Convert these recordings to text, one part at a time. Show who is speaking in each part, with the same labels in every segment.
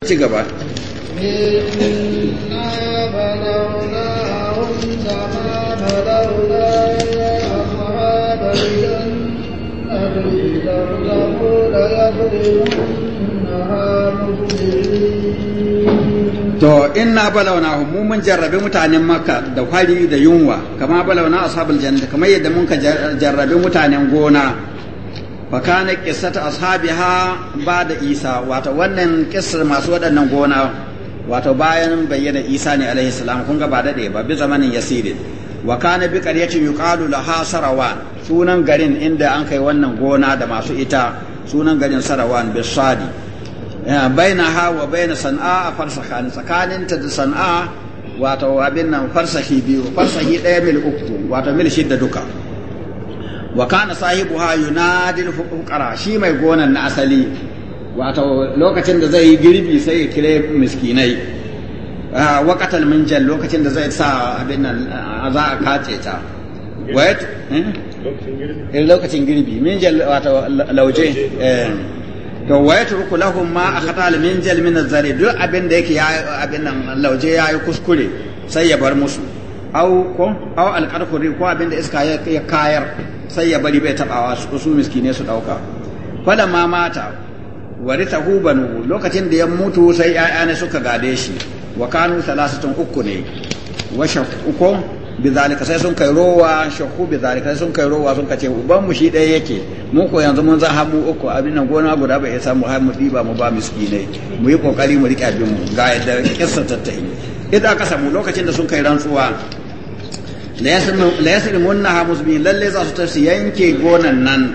Speaker 1: ci gaba To inna balauna mu mun jarrabe mutanen Makka da kwari da yunwa kama balauna ashabul janna kamar yadda mun ka jarrabe mutanen gona fakana qissatu ashabiha ba'da isa wato wannan qissar masu waɗannan gona wato bayan bayyana isa ne alaihi salam kun ga ba daɗe ba bi zamanin yasirin wa kana bi qaryatin yuqalu laha sarawan sunan garin inda an kai wannan gona da masu ita sunan garin sarawan bi sadi baina ha wa baina san'a a tsakanin tsakaninta da san'a wato abin nan farsahi biyu farsahi ɗaya mil uku wato mil shidda duka wa kana ha yunadil fuqara shi mai gonan na asali wato lokacin da zai girbi sai ya kire miskinai ah, wa qatal minjal lokacin da zai sa abin nan ah, za a kace ta wait eh? eh, lokacin girbi minjal wato lauje eh. to wa ruku lahum ma akhata al minjal min az-zari duk abin da yake abin nan lauje yayi kuskure sai ya bar musu au ko au al ko abin da iska ya kayar sai ya bari bai tabawa su miskine su dauka fala ma mata warita hubanu lokacin da ya mutu sai yaya ne suka gade shi wa kanu thalathatun uku ne wa bi zalika sai sun kai rowa bi zalika sai sun kai rowa sun kace uban mu shi ɗaya yake mu ko yanzu mun zaha mu uku abin nan gona guda bai isa mu har mu diba mu ba miskinai mu yi kokari mu rike abin mu ga yadda kissa tattayi idan aka samu lokacin da sun kai rantsuwa la ha musbi lalle za su tafi yanke gonan nan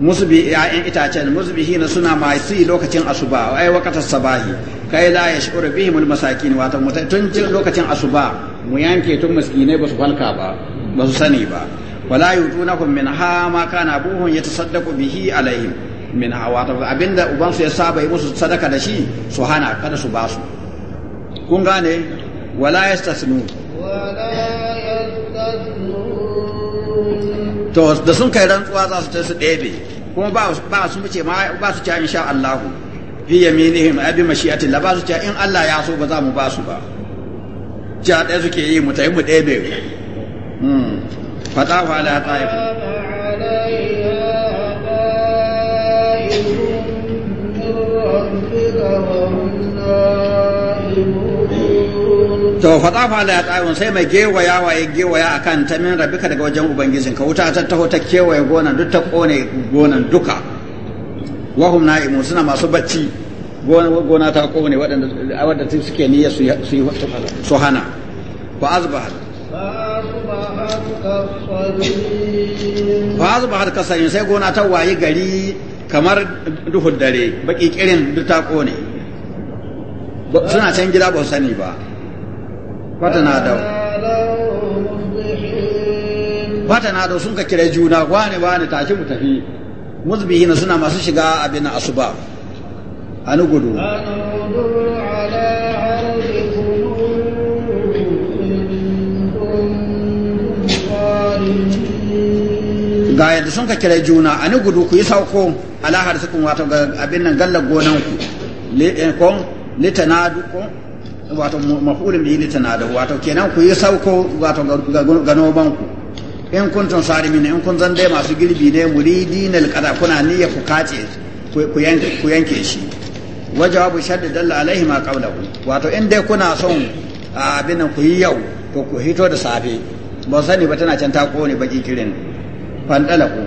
Speaker 1: musbi ya'yan itacen musbihina suna masu lokacin asuba ai waqatas sabahi kai la yash'uru bihim almasakin wato tun lokacin asuba mu yanke tun miskinai ba su falka ba ba su sani ba wala yutunakum min ha ma kana buhun yatasaddaqu bihi alaihim min ha wato abinda su ya saba yi musu sadaka da shi su hana kada su basu kun gane wala yastasnu to da sun kai rantsuwa za su ce su ɗebe kuma ba su ce ba su cewa insha Allah fi yaminihim abi mashi'ati la ba su cewa in Allah ya so ba za mu ba su ba ja ɗaya suke yi mu tayi mu ɗebe hmm. fatafa ala ta'ifu to fa tafa la ta'un sai mai gewaya wa ya gewaya akan ta min rabbika daga wajen ubangijin ka wuta ta taho ta kewaye gonan duk ta kone gonan duka wahum na'imu suna masu bacci gona ta kone waɗanda wadda suke niyya su yi su hana fa azbah fa azbah ka sai sai gona ta wayi gari kamar duhun dare baki kirin duk ta kone suna can gida ba sani ba
Speaker 2: fata
Speaker 1: na da sun ka kira juna wane wane tashi mu tafi musbihina suna masu shiga abin asuba anu gudu ga yadda sun ka kira juna ni gudu ku yi sauko alahar sukun wato ga abin nan gallar gonan eh, ku litana dukkan wato mafulin da litanadahu wato kenan ku yi sauko wato ga noman ku in sari mini in kun zan masu girbi ne dinar kada kuna niyya ku kace ku yanke shi abu jawabu shadda dalla alaihi ma ku. wato in dai kuna son abin ku yi yau ko ku hito da safe ba sani ba tana can ta kone baki kirin fandala ku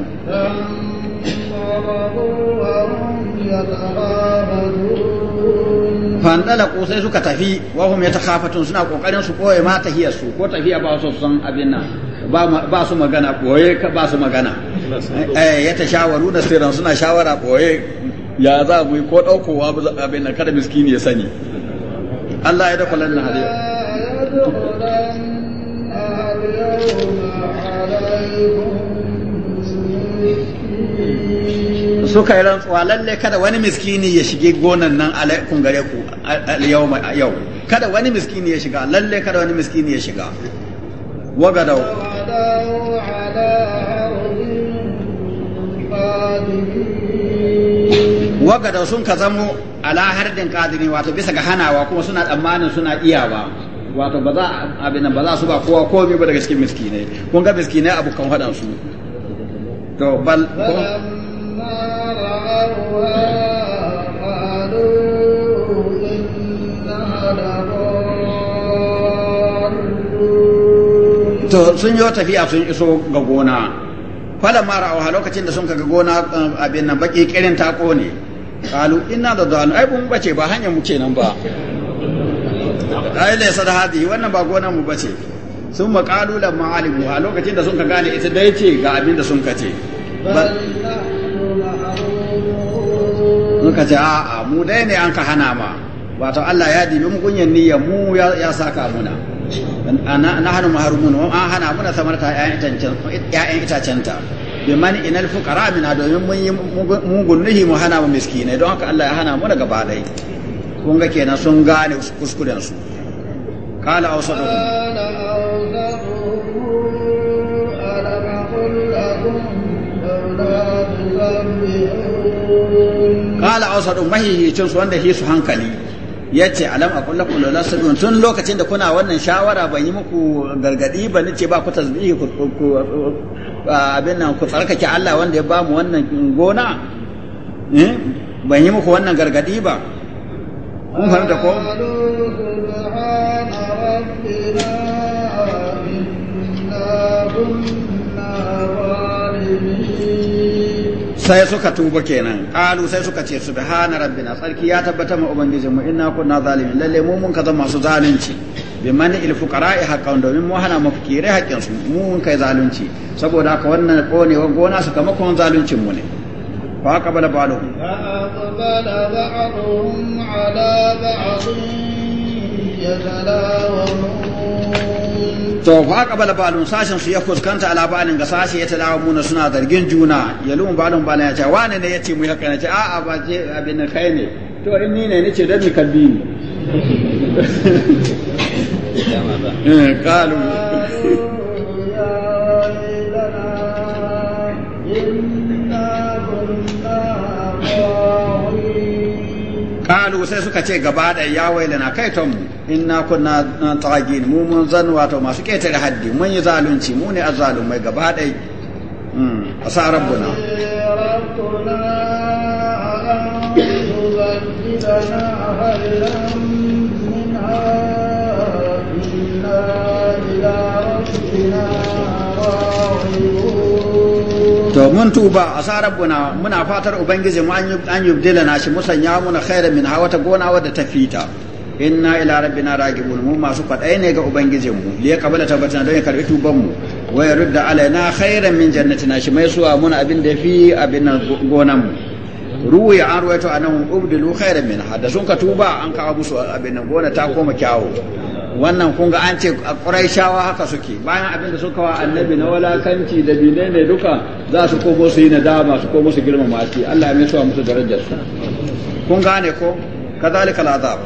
Speaker 1: fandalaku sai suka tafi wahum ya takhafatun suna kokarin su koye ma tahiyar su ko tafiya ba su san abin nan ba su magana koye ba su magana eh ya ta shawaru da sirran suna shawara koye ya za mu yi ko daukowa abin nan kada miskini ya sani Allah ya dafa lalla hadiya
Speaker 2: يوم عليكم
Speaker 1: suka yi rantsuwa lalle kada wani miskini ya shige gonan nan alaikum gare ku yau yau kada wani miskini ya shiga lalle kada wani miskini ya shiga wagadau wagadau sun ka zamo ala hardin kadiri wato bisa ga hanawa kuma suna tsammanin suna iya ba wato ba za abin ba za su ba kowa komai ba daga cikin miskinai kun ga miskinai abokan faɗansu to bal to sun yi tafiya sun iso ga gona fala mara a lokacin da sun ga gona um, abin nan baki kirin ta ne kalu ina da dalu ai mun bace ba hanyar mu nan ba ai laysa da hadi wannan ba gona mu bace sun maqalu lamma alimu a lokacin da sun ka gane ita dai ce ga abin da sun ka ce ka ce a'a mu dai ne an ka hana ma wato Allah ya dibi mu kunyan niyya mu ya saka muna ana na mahrumun wa an hana muna samarta ƴaƴan itancen ƴaƴan itacen ta bi man inal fuqara mina domin mun yi mugun nuhi mu hana mu miskine don haka Allah ya hana mu daga badai kun ga kenan sun gane kuskuren su kala
Speaker 2: awsadahum ألم قل
Speaker 1: qala awsadu mahihicin su wanda hisu hankali yace alam aqul lakum la sabun tun lokacin da kuna wannan shawara ban yi muku gargadi ba nace ba ku tasbihi ku abin nan ku tsarkake Allah wanda ya ba mu wannan gona eh? ban yi muku wannan gargadi ba mun fahimta ko sai suka tuba kenan qalu sai suka ce subhana rabbina sarki ya tabbata ma ubangijin mu inna kunna zalimin lalle mu mun kaza masu zalunci bi man il fuqara'i haqqan domin mu hana mafkirai haƙƙin su mu mun kai zalunci saboda haka wannan konewar gona sakamakon zaluncin mu ne fa qabala ba'du
Speaker 2: qabala ba'dhum ala ba'd
Speaker 1: to fa qabala balun sashin su ya fuskanta ala balin ga sashi ya muna suna zargin juna lumu balun balin ya ce wane ne yace mu ya kana ce a'a ba ce abin kai ne to in ni ne nace dan mi kalbi ni قالوا eh, kalu sai suka ce gaba da ya wailana kai ton mu inna kunna tagin mu mun zan wato masu ketare haddi mun yi zalunci mu ne azzalumai gaba da asa rabbuna إلى mun tuba sarar buna muna fatar ubangiji mu an dila na shi musanya muna khairan min ta gona wadda ta fita inna ila rabbina ragibun mu masu kwadai ne ga ubangijin mu liya kabala tabbatina don ya karbi tuban mu wa yarudda alaina khairan min jannatina shi mai suwa muna abin da fi abin gonan mu ya an ruwaito anan ubdilu khairan min hada sun ka tuba an kawo musu abin gona ta koma kyawu wannan kun ga an ce ƙuraishawa haka suke bayan abin da suka wa annabi na walakanci da bine ne duka za su komo su yi nadama su komo su girmama shi Allah ya mai suwa musu darajar su kun gane ko kazalika al'azab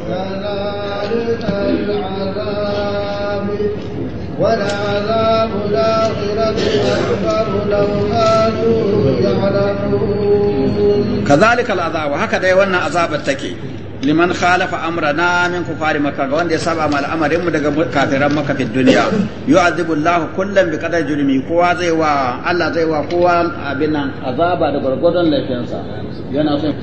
Speaker 2: ولعذاب الآخرة أكبر لو كانوا يعلمون
Speaker 1: كذلك العذاب هكذا يوانا عذاب التكي liman khalafa amrana min kufari makka ga wanda ya saba ma al'amarin mu daga kafiran makka fi duniya yu'adhibu Allahu kullam bi qadar julmi kowa zai wa Allah zai wa kowa abin nan azaba da gurgurdan laifinsa yana son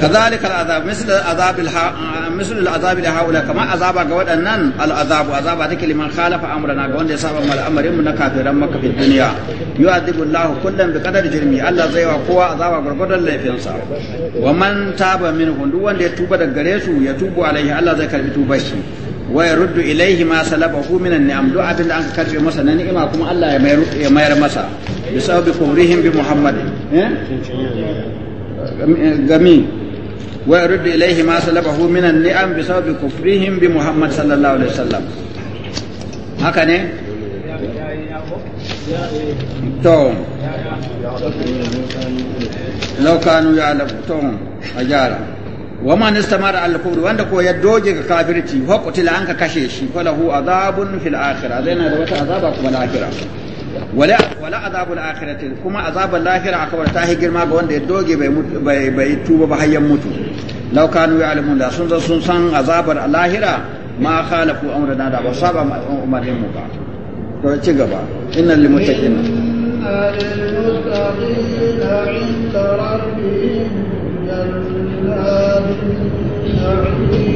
Speaker 1: كذلك العذاب مثل العذاب الها... مثل العذاب لهؤلاء كما عذاب ga waɗannan al'azabu azaba take liman khalafa amrana ga wanda ya mu na kafiran maka fi duniya yu'adhibu Allahu jirmi Allah zai wa kowa azaba gurgurdan laifin sa wa man taba wanda ya tuba daga gare su ya tubu alaihi zai karbi tubar shi wa ilaihi ma salabahu min an abin da masa ni'ima kuma Allah mayar masa gami wa yurdu ilayhi ma salafahu min an-ni'am bi sababi kufrihim bi Muhammad sallallahu alaihi wasallam haka ne to law kanu ya'lamu to ajara wa man istamara al kufr wanda ko ya ga kafirci fa an ka kashe shi falahu azabun fil akhirah zai na da wata azaba kuma al akhirah wala wala azabul akhirati kuma azabul lahira akbar ta girma ga wanda ya doge bai mutu bai bai tuba ba hayyan mutu law kanu ya'lamun da sun sun san azabar lahira ma khalafu amrana da ba saba umarin mu ba to ci gaba innal lil muttaqin
Speaker 2: عند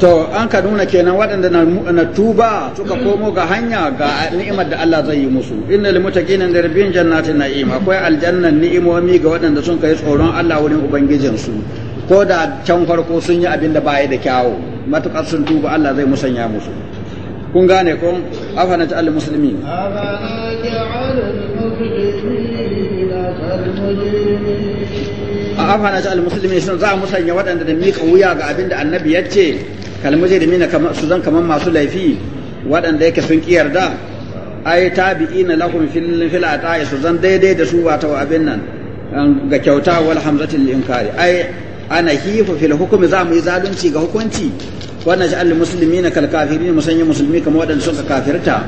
Speaker 1: to an ka nuna kenan waɗanda na tuba suka komo ga hanya ga ni'imar da Allah zai yi musu inna lil muttaqina da rabbin jannatin na'im akwai aljannan ni'imomi ga waɗanda sun kai tsoron Allah wurin ubangijin su ko da can farko sun yi abin da baya da kyawu matukar sun tuba Allah zai musanya musu kun gane ko afana ta al muslimin afana ta al muslimin sun za musanya waɗanda da mika wuya ga abin da annabi ya ce kal mujrimina su zan kaman masu laifi waɗanda yake sun ki yarda ai tabi'ina lahum fil fil ata'i su zan daidai da su wato abin nan ga kyauta wal hamzatil inkari ai ana hifu fil hukumi za mu yi zalunci ga hukunci wannan ja'al muslimina kal kafirin sanya musulmi kamar waɗanda suka kafirta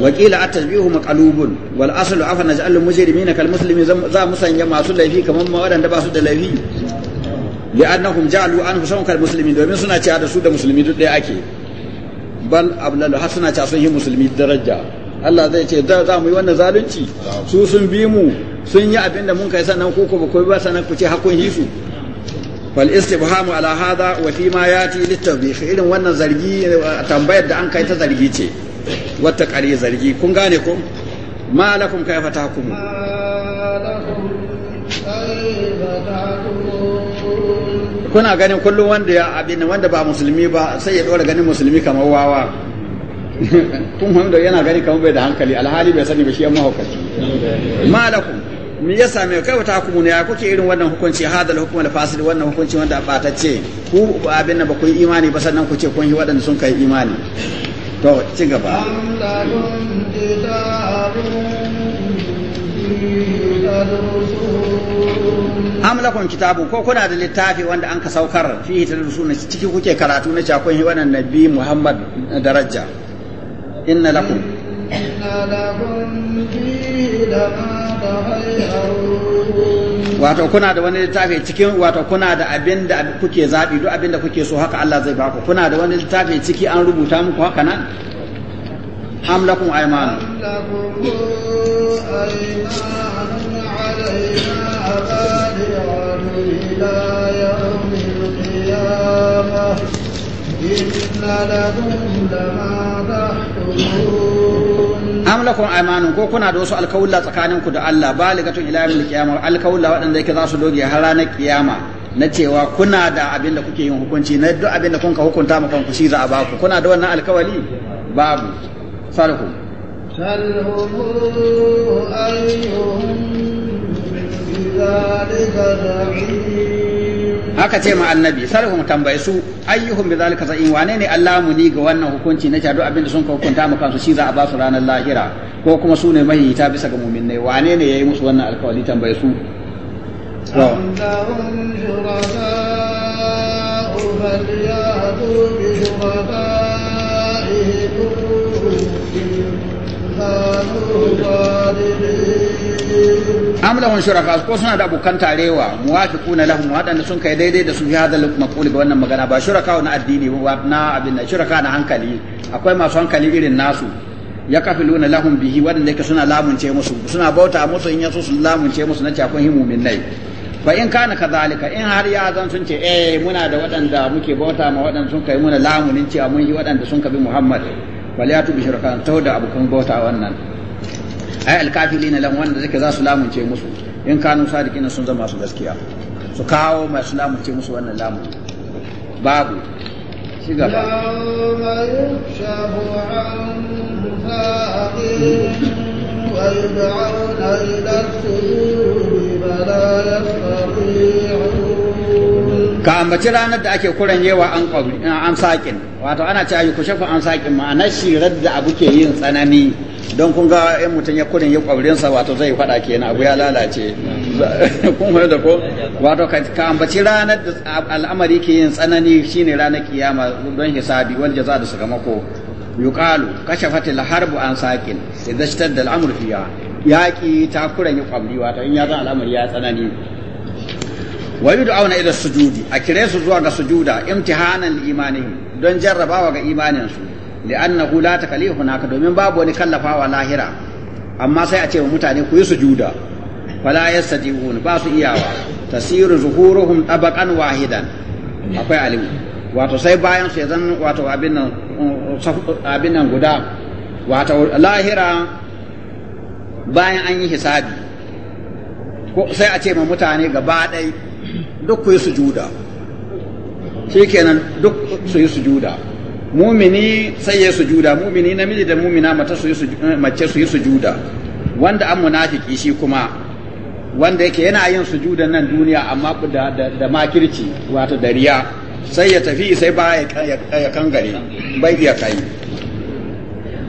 Speaker 1: وقيل التشبيه مقلوب والاصل عفوا نجعل المجرمين كالمسلمين za mu sanya masu laifi kamar waɗanda ba su da laifi li'annahum ja'alu anhu sawkal muslimin domin suna cewa da su da musulmi duk ɗaya ake bal ablalu har suna cewa sun yi musulmi daraja Allah zai ce za mu yi wannan zalunci su sun bi mu sun yi abin da mun kai sannan ku ba ku ba sannan ku ce hakun hisu fal istibhamu ala hada wa fi ma yati litawbih irin wannan zargi tambayar da an kai ta zargi ce wata kare zargi kun gane ko ma lakum kayfa tahkumu kuna ganin kullum wanda ya abin wanda ba musulmi ba sai ya dora ganin musulmi kamar wawa kun wanda yana gani kamar bai da hankali alhali bai sani ba shi yan mahaukaci malakum me yasa same kai wata hukumu ne ya kuke irin wannan hukunci hadal hukum al fasid wannan hukunci wanda batacce ku abin nan ba ku yi imani ba sannan ku ce kun yi waɗanda sun kai imani to ci gaba am lakon kitabu ko kuna da littafi wanda an ka saukar fihi na ciki kuke karatu na cakon hi wannan nabi Muhammad daraja inna lakum wato kuna da wani littafi cikin wato kuna da abin da kuke zaɓi duk abin da kuke so haka Allah zai baku kuna da wani littafi ciki an rubuta muku haka nan am lakum aymanu am lakum aymanu ko kuna da wasu alkawulla tsakaninku da Allah baligatun ila yawmil qiyamah alkawulla waɗanda yake za su doge har ranar kiyama na cewa kuna da abin da kuke yin hukunci na duk abin da kun ka hukunta ma kanku shi za a baku kuna da wannan alkawali babu سالهم aka ce ma annabi sarhum tambaye su ayyuhum bi zalika za'in wane ne Allah ni ga wannan hukunci na duk abin da sun ka hukunta mu kansu shi za a ba su ranar lahira ko kuma su ne mahiyita bisa ga mu'minnai wane ne yayi musu wannan alkawari tambaye su
Speaker 2: فليأتوا
Speaker 1: am lahum shuraka ko suna da abokan tarewa muwafiquna lahum waɗanda sun kai daidai da su fi hadal maqul ga wannan magana ba shuraka na addini ba na abin na shuraka na hankali akwai masu hankali irin nasu ya kafiluna lahum bihi waɗanda yake suna lamunce musu suna bauta musu in yaso su lamunce musu na cakon himu min nai ba in kana kadhalika in har ya zan sun ce eh muna da wadanda muke bauta ma wadanda sun kai muna lamunin cewa mun yi wadanda sun kabi Muhammad waliyatu bi shirkan to da abukan bauta wannan ai alkafilina lan wanda zaka za su lamunce musu in kanu sadiqina sun zama su gaskiya su kawo su lamunce musu wannan lamun babu shi gaba
Speaker 2: ويدعون إلى
Speaker 1: السجود فلا ka ambaci ranar da ake kuran an an saƙin wato ana ce ayyuku shafa an saƙin ma'anar shirar da abu ke yin tsanani don kun ga yan mutum ya kurin yi ƙwabrinsa wato zai faɗa kenan abu ya lalace kun hoyo da ko wato ka ambaci ranar da al'amari ke yin tsanani shine ranar kiyama don hisabi wal jaza da sakamako yuqalu kashafatil harbu an Saqin idza ishtadda al'amru fiha yaqi ta kuran yi ƙwabri wato in ya zan al'amari ya tsanani wa yud'auna ila sujudi a kire su zuwa ga sujuda imtihanan imanihim don jarrabawa ga imanin su li'annahu la takalihu hunaka domin babu wani kallafawa lahira amma sai a ce wa mutane ku yi sujuda fala yastati'un ba su iyawa tasiru zuhuruhum tabaqan wahidan akwai alimu wato sai bayan su ya zan wato abin nan abin nan guda wato lahira bayan an yi hisabi sai a ce ma mutane gaba ɗaya duk ku yi sujuda kenan duk su yi sujuda mumini sai ya sujuda mumini namiji da mumina mace su yi eh, su juda wanda an munafiki shi kuma wanda yake yana yin sujudan nan duniya amma da da, makirci wata dariya sai ya tafi sai ba ya kangare bai iya kai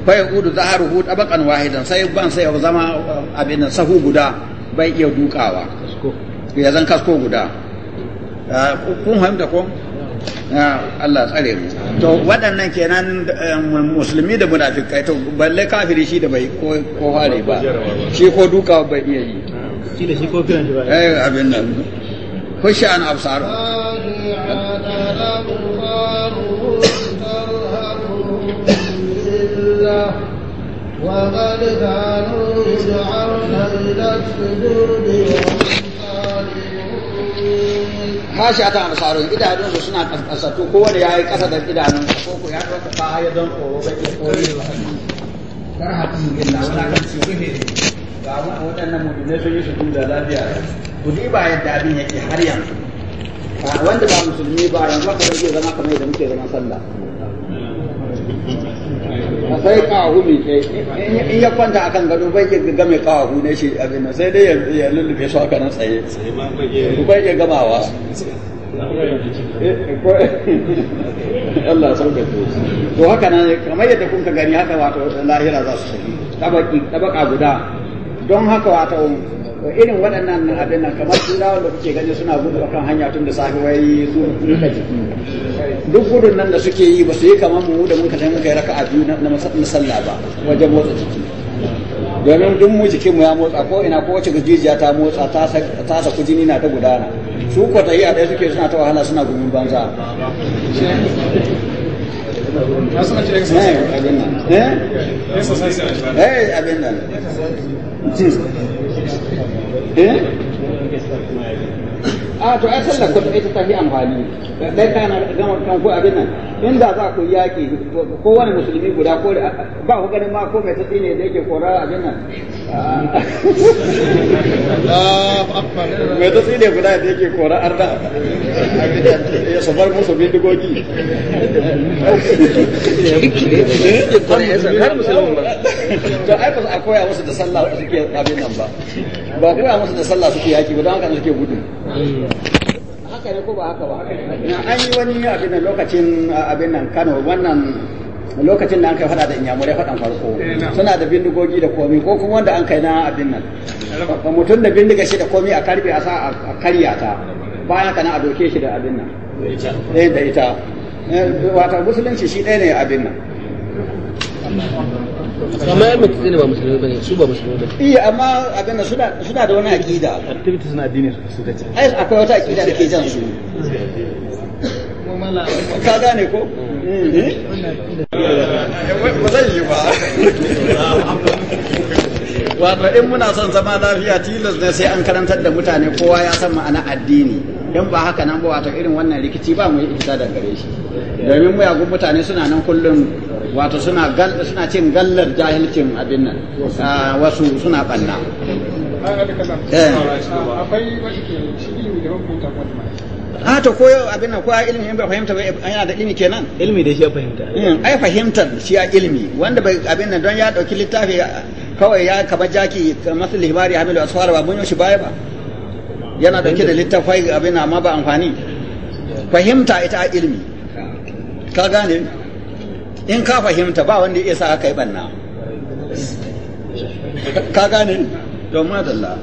Speaker 1: fa a ruhu tabaqan wahidan sai ban sai ya zama eh, abin sahu guda bai iya dukawa ya zan kasko guda Ah, kun fahimta ko ah, Allah tsare mu to waɗannan kenan um, musulmi da munafikai to balle kafiri shi da bai ko hare ba shi ko duka bai iya yi shi da shi ko kiran shi ba
Speaker 2: eh
Speaker 1: hashi ata idanun su suna kaskasatu ko da yayi kasa da idanun ko ko ya dauka ya don ko ba ke kore kar ne na wala kan ci ne ga mu waɗannan mu'minai sun yi su da lafiya ku ba yadda abin yake har yanzu wanda ba musulmi ba yanzu haka zai zama kamar yadda muke zama sallah
Speaker 3: sai kahu
Speaker 1: min kai in ya kwanta akan gado bai ya ga mai kahu ne shi abin sai dai ya lullube su haka nan tsaye bai ya gamawa Allah sauka to haka nan kamar yadda kun ka gani haka wato lahira za su tafi tabaki tabaka guda don haka wato to irin waɗannan abin nan kamar sun da kuke gani suna gudu a kan hanya tun da safe wai su duka jiki duk gudun nan da suke yi ba su yi kamar mu da muka tafi kai raka'a biyu na musalla ba wajen motsa jiki domin duk mu jikinmu ya motsa ko ina ko wace gajijiya ta motsa ta saku jini na ta gudana su ko ta yi a ɗaya suke suna ta wahala suna gumin banza
Speaker 3: Eh, abin nan. Eh? Eh,
Speaker 1: eh a to ai sallar ku ita ta fi amfani dai kana gama kan ko abin nan inda za ku yaki ko wani musulmi guda ko ba ku ganin ma ko mai tsatsi ne da yake kora abin nan mai tsatsi ne guda da yake kora arda ya sabar musu bin bindigogi to ai ba a koya musu da sallah suke abin nan ba ba koya musu da sallah suke yaki ba don haka suke gudu haka ne ko ba haka ba an yi wani abin nan lokacin abin nan Kano wannan lokacin da an kai fada da inyamurai fadan farko eh, suna da bindigogi da komi ko kuma wanda an kai na abin nan mutum da bindiga shi da komi a karbe a sa a karya ta bayan kana a doke shi da abin nan da ita eh, eh, wata musulunci shi ɗaya ne abin nan amma yan mutu ne ba musulmi bane su ba musulmi bane iya amma a gana suna da wani aqida activities na addini su kace ai akwai wata aqida da ke jan su ka gane ko eh. ba zan yi ba wato in muna son zama lafiya tilas ne sai an karantar da mutane kowa ya san ma'ana addini in ba haka nan ba wato irin wannan rikici ba mu yi isa da gare shi domin muyagun mutane suna nan kullum wato suna suna cin gallar jahilcin abin nan wasu suna banna akwai eh. wani a ah, to koyo abin nan ko ilimi in bai fahimta bai yana da ilimi kenan ilimi da shi ya fahimta hmm, ai fahimtar shi ya ilimi wanda bai abin nan don ya dauki littafi kawai ya kaba jaki masu lihimari hamilu asfar ba mun shi baya ba yana dauke da littafai abin amma ba amfani fahimta ita a ilmi ka gane in ka fahimta ba wanda ya sa aka yi banna ka gane don madalla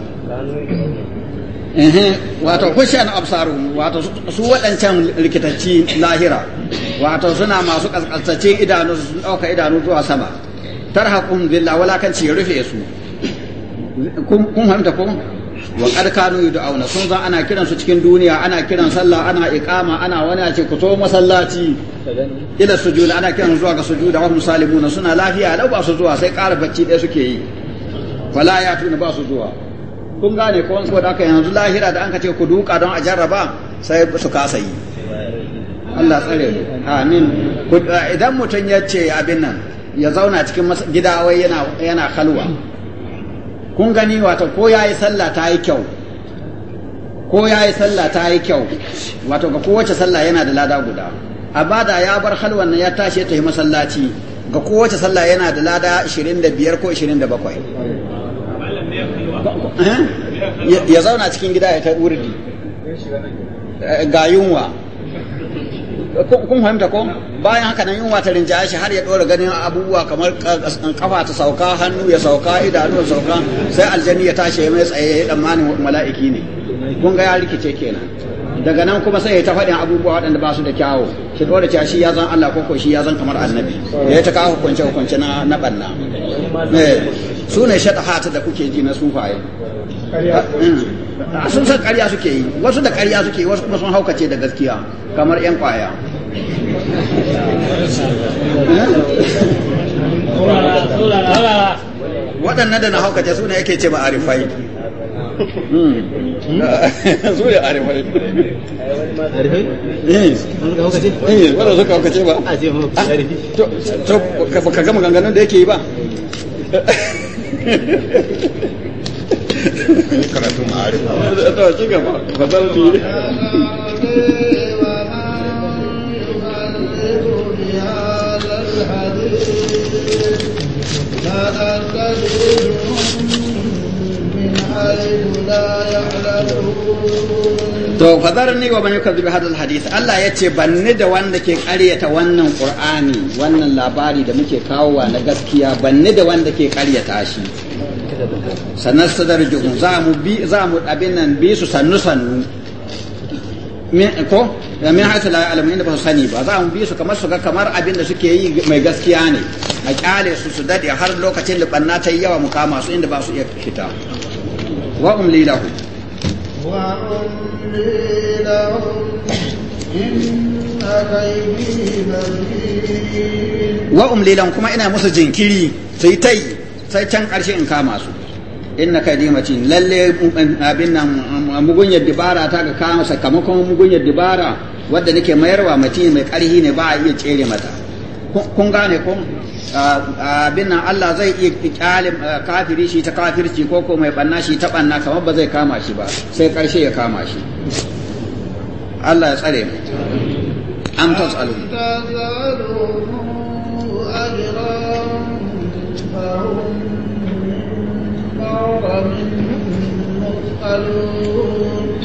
Speaker 1: wato kushen absaru wato su waɗancan rikitacci lahira wato suna masu ƙasƙasacin idanu sun ɗauka idanu zuwa sama tarhaqun billah wala kan ci rufe su kun fahimta ko wa qad kanu yud'auna sun zan ana kiran su cikin duniya ana kiran sallah ana iqama ana wani ce ku to masallaci ila sujud ana kiran zuwa ga sujuda wa musalimuna suna lafiya lau ba su zuwa sai ƙara bacci ɗaya suke yi fala ya tuna ba su zuwa kun gane ko saboda haka yanzu lahira da an ka ce ku duka don a jarraba sai su kasa yi Allah tsare mu amin idan mutum ya ce abin nan ya zauna cikin gida wai yana halwa kun gani wato ko ya yi sallah ta yi kyau ko ya yi sallah ta yi kyau wato ga kowace sallah yana da lada guda A da ya bar na ya tashi ta yi masallaci ga kowace sallah yana da lada 25 ko 27 eh? ya zauna cikin gida ya ta wurdi eh, ga yunwa kun fahimta ko bayan haka nan yunwa ta rinjaya shi har ya dora ganin abubuwa kamar kafa ta sauka hannu ya sauka idanu ya sauka sai aljani ya tashi ya mai tsaye ya tsammanin mala'iki ne kun ga ya rikice kenan daga nan kuma sai ya ta faɗin abubuwa waɗanda ba su da kyawu shi ɗora cewa shi ya zan Allah ko ko shi ya zan kamar annabi ya ta kawo hukunce hukunce na na banna eh. su ne shaɗa da kuke ji na sufaye ah, hmm. sun san ƙarya suke yi wasu da ƙarya suke yi wasu kuma sun haukace da gaskiya kamar 'yan kwaya hmm? waɗannan da na haukace su ne yake ce hmm. su ne eh. eh, wadda suka haukace ba a ce ma ah, ka gama ganganin da yake yi ba karatun ma'arifa ta ci gaba fadar ne من حيث لا يعلمون to fadarni wa man yukadzib hadal hadith Allah ya yace banni da wanda ke karyata wannan qur'ani wannan labari da muke kawowa na gaskiya banni da wanda ke karyata shi sanar sadar juhun za mu bi za mu abin nan bi su sannu sannu ko da min hasu la alamu inda ba su sani ba za mu bi su kamar su ga kamar abin da suke yi mai gaskiya ne a kyale su su dade har lokacin da banna ta yi yawa mu kama su inda ba su iya fita wa umli lahum wa umlilan kuma ina musu jinkiri sai tai sai can ƙarshe in kama su inna kaidi matin lalle abin nan mugunyar dibara ta ga kama sakamakon mugunyar dibara wadda nake mayarwa matin mai ƙarhi ne ba a iya tsere mata kun gane kun abin nan Allah zai iya kyalin eh, kafiri shi ta kafirci ko ko mai banna shi ta banna kamar ba zai kama shi ba sai karshe ya kama shi Allah ya tsare mu am tasalu
Speaker 2: فهم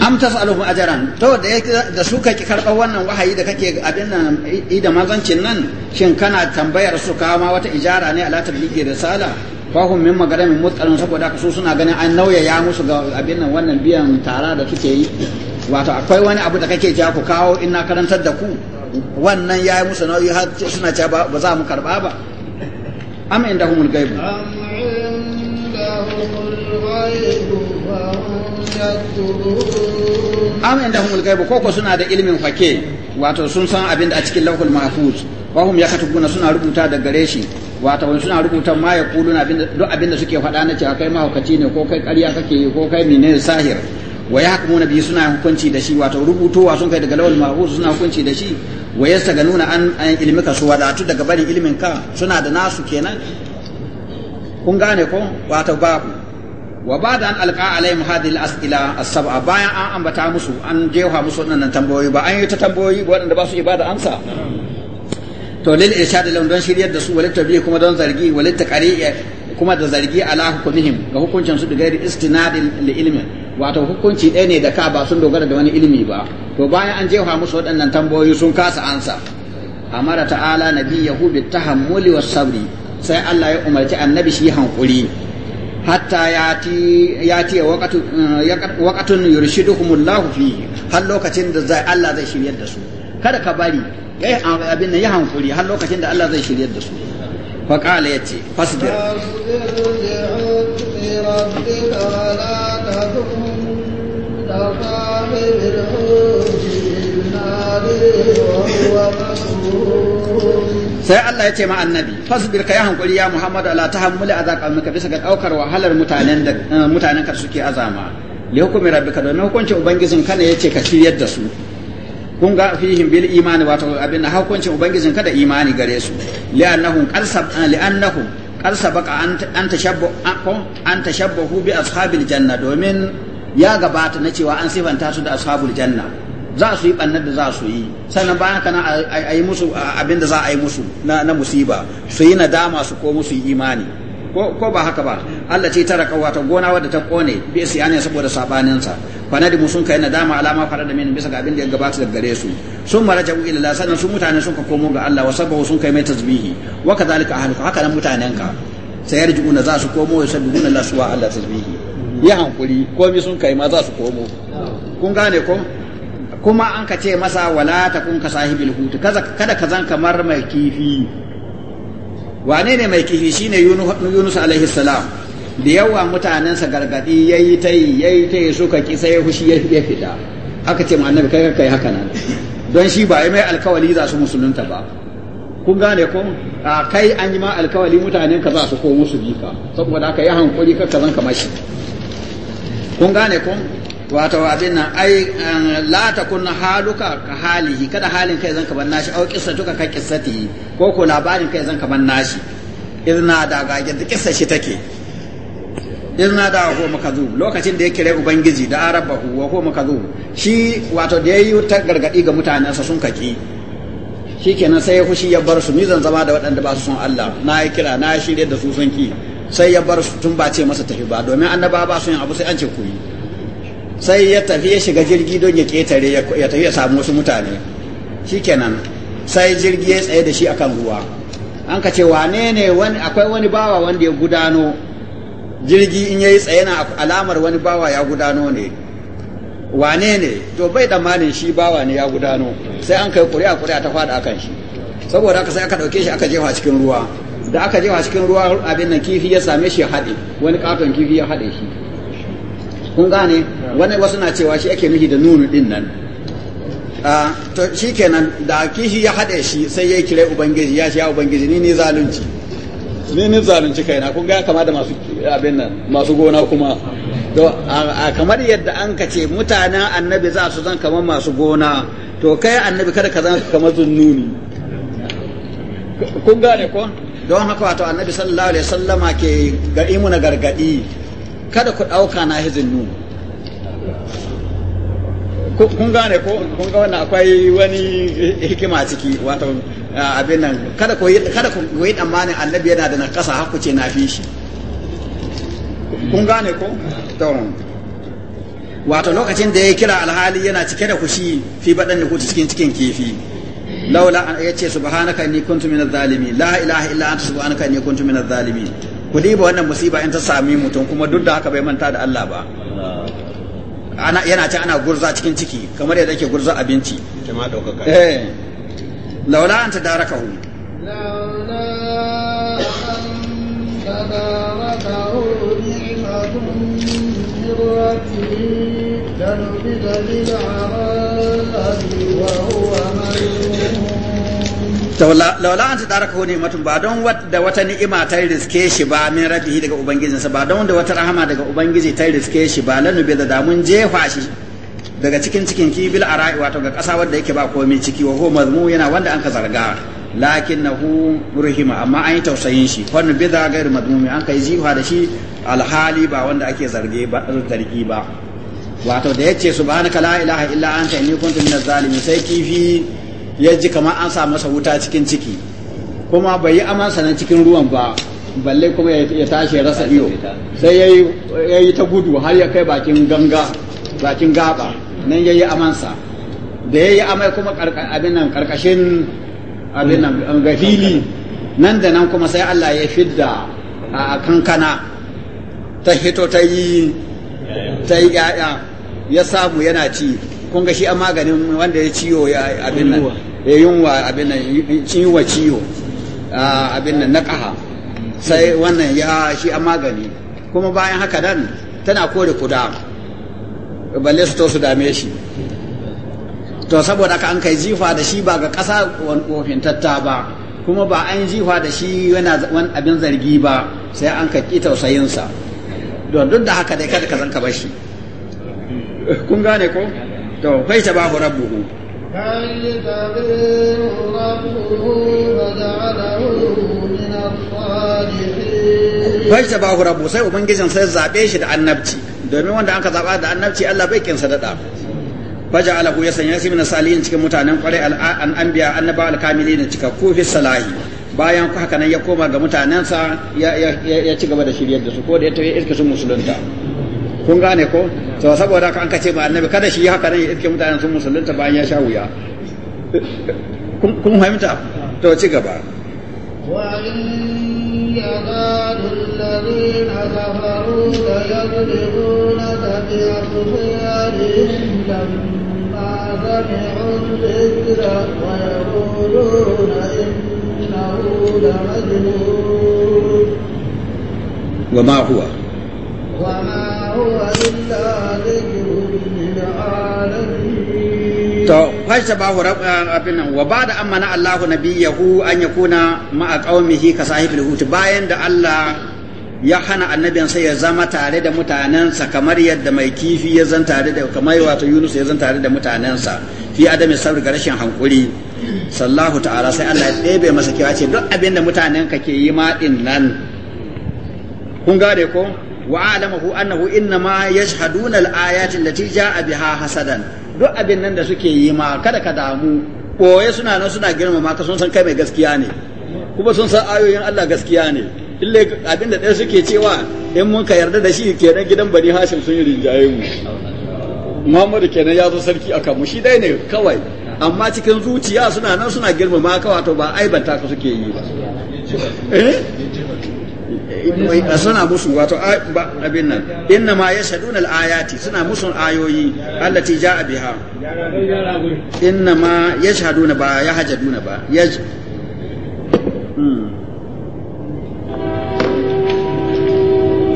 Speaker 1: am tas'aluhu ajran to da da su kake karɓar wannan wahayi da kake abin nan da mazancin nan shin kana tambayar su ma wata ijara ne ala tabliqi risala fa hum min magaramin mutqalin saboda su suna ganin an nauya ya musu ga abin nan wannan biyan tara da suke yi wato akwai wani abu da kake ja ku kawo in karantar da ku wannan ya yi musu nauyi har suna cewa ba za mu karɓa ba am humul gaibu am
Speaker 2: humul gaibu
Speaker 1: am inda humul gaibu ko suna da ilimin fake wato sun san abin da a cikin lauhul mahfuz wa hum yakatubuna suna rubuta da gare shi wato wani suna rubuta ma ya kuluna duk abin da suke faɗa na cewa kai mahaukaci ne ko kai ƙarya kake ko kai mine sahir wa ya hukumu nabi suna hukunci da shi wato rubutowa sun kai daga lawal mahfuz suna hukunci da shi wa yasta ganuna an an ilmika su wadatu daga barin ilmin ka suna da nasu kenan kun gane ko wato babu wa ba da an alƙa alaihim hadhihi al-as'ila as-sab'a bayan an amata musu an jefa musu waɗannan tambayoyi ba an yi ta tambayoyi ga waɗanda ba su ibada amsa to lil irshad lahum don shiryar da su walil tabliq kuma don zargi walil eh, wato hukunci ɗaya ne da ka ba sun dogara da wani ilimi ba to bayan an jefa musu waɗannan tambayoyi sun kasa ansa amara ta'ala nabiyahu bit tahammuli was sabri sai Allah ya umarci annabi shi hankuri hatta yati waƙatun eh, yurshiduhumullahu fi har lokacin da zai Allah zai shiryar da su kada ka bari kai ah, abin nan ya hankuri har lokacin da Allah zai shiryar da su fa qala yace fasbir fasbir sai Allah ya ce ma annabi fasbir ka ya hankuri ya Muhammadu ala tahammuli ka bisa ga daukar wahalar mutanen da eh, mutanen ka suke azama li hukumi rabbika domin hukuncin ubangijin kana yace ka shiryar da su kun ga fihim bil imani wato abin na hukuncin ubangijin ka da imani gare su li'annahum li li'annahum qarsabaka eh, an tashabbu an tashabbu bi ashabil janna domin ya gabata na cewa an sifanta su da ashabul janna za su yi bannar da za su yi sannan bayan kana a yi musu abin da za a yi musu na musiba su yi nadama su ko musu imani ko ba haka ba Allah ce tara ta gona wadda ta kone bi siyane saboda sabaninsa sa da musun kai nadama alama fara da min bisa ga abin da ya gabata daga gare su sun maraja ila Allah sannan su mutane sun ka komo ga Allah wa sabahu sun kai mai tasbihi wa kadhalika ahluka haka nan mutanen ka sayarjuuna za su komo ya sabbihuna Allah suwa Allah tasbihi yi hankuri komi sun kai ma za su komo kun gane ko kuma an ka ce masa wala ta kun ka sahibil hutu kada ka zan kamar mai kifi wane ne mai kifi shine yunus alaihi salam da yawa sa gargadi yayi tai yi yayi ta yi suka ki sai hushi ya fita aka ce ma annabi kai kai haka nan don shi ba mai alkawali za su musulunta ba kun gane ko kai an yi ma alkawali mutanen ka za su ko musu ka saboda ka yi hankuri ka zan kamar shi kun gane kun wato abin nan ai eh, la kunna haluka ka halihi kada halin kai zan kaman nashi au qissatuka ka kissati ko ko labarin kai zan kaman nashi izna da ga yadda kissa shi take izna da ko makazu lokacin da ya kire ubangiji da arabahu wa ko makazu shi wato da yayi ta gargadi ga sa sun kaki shikenan sai ya fushi ya bar su ni zan zama da waɗanda ba su son Allah na yi kira na shirye da su sun ki sai ya bar tun ba ce masa tafi ba domin annaba ba su yin abu sai an ce ku sai ya tafi ya shiga jirgi don ya ketare ya tafi ya samu wasu mutane shikenan sai jirgi ya tsaye da shi akan ruwa an ka ce wane ne akwai wani bawa wanda ya gudano jirgi in ya yi tsaye na alamar wani bawa ya gudano ne wane ne to bai da malin shi bawa ne ya gudano sai an kai kuri'a kuri'a ta fada akan shi saboda haka sai aka ɗauke shi aka jefa cikin ruwa da aka jefa cikin ruwa abin nan kifi ya same shi ya haɗe wani katon kifi ya haɗe shi kun gane wani wasu na cewa shi ake nufi da nunu ɗin nan to shi kenan da kifi ya haɗe shi sai ya kire ubangiji ya shi ya ubangiji ni ni zalunci ni ni zalunci kaina kun ga kama da masu abin nan masu gona kuma to kamar yadda an ka ce mutanen annabi za su zan kamar masu gona to kai annabi kada ka zan kamar zunnuni kun gane ko don haka wato annabi sallallahu alaihi sallama ke imu na gargadi kada ku dauka na hizin nun kun gane ko kun ga wannan akwai wani hikima ciki wato abin nan kada ku kada ku yi tsammanin annabi yana da nakasa har ku ce na fi shi kun gane ko to wato lokacin da ya kira alhali yana cike da kushi fi badan da kuta cikin cikin kifi laula yace subhanaka inni kuntu minaz zalimin la ilaha illa anta subhanaka inni kuntu minaz zalimin ku diba wannan musiba in ta sami mutum kuma duk da haka bai manta da Allah ba ana yana ci ana gurza cikin ciki kamar yadda ake gurza abinci jama'a daukaka eh laula anta darakahu laula an
Speaker 2: tadarakahu قدرته لنبذ بالعراء وهو
Speaker 1: to laula an ne mutum ba don da wata ni'ima ta riske shi ba min rabihi daga ubangijinsa ba don da wata rahama daga ubangiji ta riske shi ba lanu bi da mun jefa shi daga cikin cikin kibil ara'i wato ga kasa wanda yake ba komai ciki wa ho mazmu yana wanda an ka zarga lakinnahu Ruhima amma an yi tausayin shi wannan bi da gairu mazmu an ka yi jifa da shi alhali ba wanda ake zarge ba zargi ba wato da yace subhanaka la ilaha illa anta inni kuntu minaz zalimin sai kifi yaji ji kamar an sa masa wuta cikin ciki kuma bai yi amansa na cikin ruwan ba balle kuma ya tashi rasa iyo sai ya yi ta gudu har ya kai bakin ganga bakin gaba nan ya yi amansa da ya yi amai kuma abin nan karkashin abin nan gafili nan da nan kuma sai Allah ya fidda a kankana ta hito ta yi ta yi ya'ya ya samu yana ci kun ga shi a maganin wanda ya ciwo ya abin nan ya yunwa abin nan ciwo ciwo abin nan na ƙaha sai wannan ya shi a magani kuma bayan haka nan tana kore kuda balle su to su dame shi to saboda ka an kai jifa da shi ba ga ƙasa tatta ba kuma ba an jifa da shi wani abin zargi ba sai an ka ƙi tausayinsa don duk da haka dai kada ka zanka bar shi kun gane ko to kai ta babu rabbuhu Fai ta bahu rabu sai Ubangijin sai zaɓe shi da annabci domin wanda an ka zaɓa da annabci Allah bai kinsa daɗa. Faja alahu ya sanya su min salihin cikin mutanen kwarai an anbiya annabawa alkamili da cikin kufi salahi bayan haka nan ya koma ga mutanensa ya ci gaba da shiryar da su ko da ya tafi iska sun musulunta kun gane ko to saboda haka an kace ba annabi kada shi haka nan ya iske mutanen sun musulunta bayan ya sha wuya kun fahimta to ci gaba
Speaker 2: يكاد الذين ويقولون إن وما هو وما هو إلا ذكر للعالمين
Speaker 1: to fashtabahu eh, abin wa ba'da an mana Allah nabiyahu an yakuna ma'a qaumihi ka sahibil hut bayan da Allah ya hana annabin annabinsa ya zama tare da mutanensa kamar yadda mai kifi ya zan tare da kamar wato Yunus ya zan tare da mutanensa fi adami sabr ga rashin hankuri sallahu ta'ala sai Allah ya ɗebe masa kewa ce duk abin da mutanen ka ke yi ma nan kun gare ko wa alamahu annahu inna ma yashhaduna al-ayati a ja'a biha hasadan duk abin nan da suke yi ma kada ka damu boye suna nan suna girmama ka sun san kai mai gaskiya ne kuma sun san ayoyin Allah gaskiya ne ille abin da ɗaya suke cewa in mun ka yarda da shi kenan gidan bani Hashim sun yi rinjaye mu Muhammadu kenan ya zo sarki aka mu shi dai ne kawai amma cikin zuciya suna nan suna girmama ka wato ba aibanta ka suke yi ba eh suna musu wato abin nan inna ma yashaduna alayati suna musu ayoyi allati jaa biha inna ma yashaduna ba yahjaduna ba yaj hmm.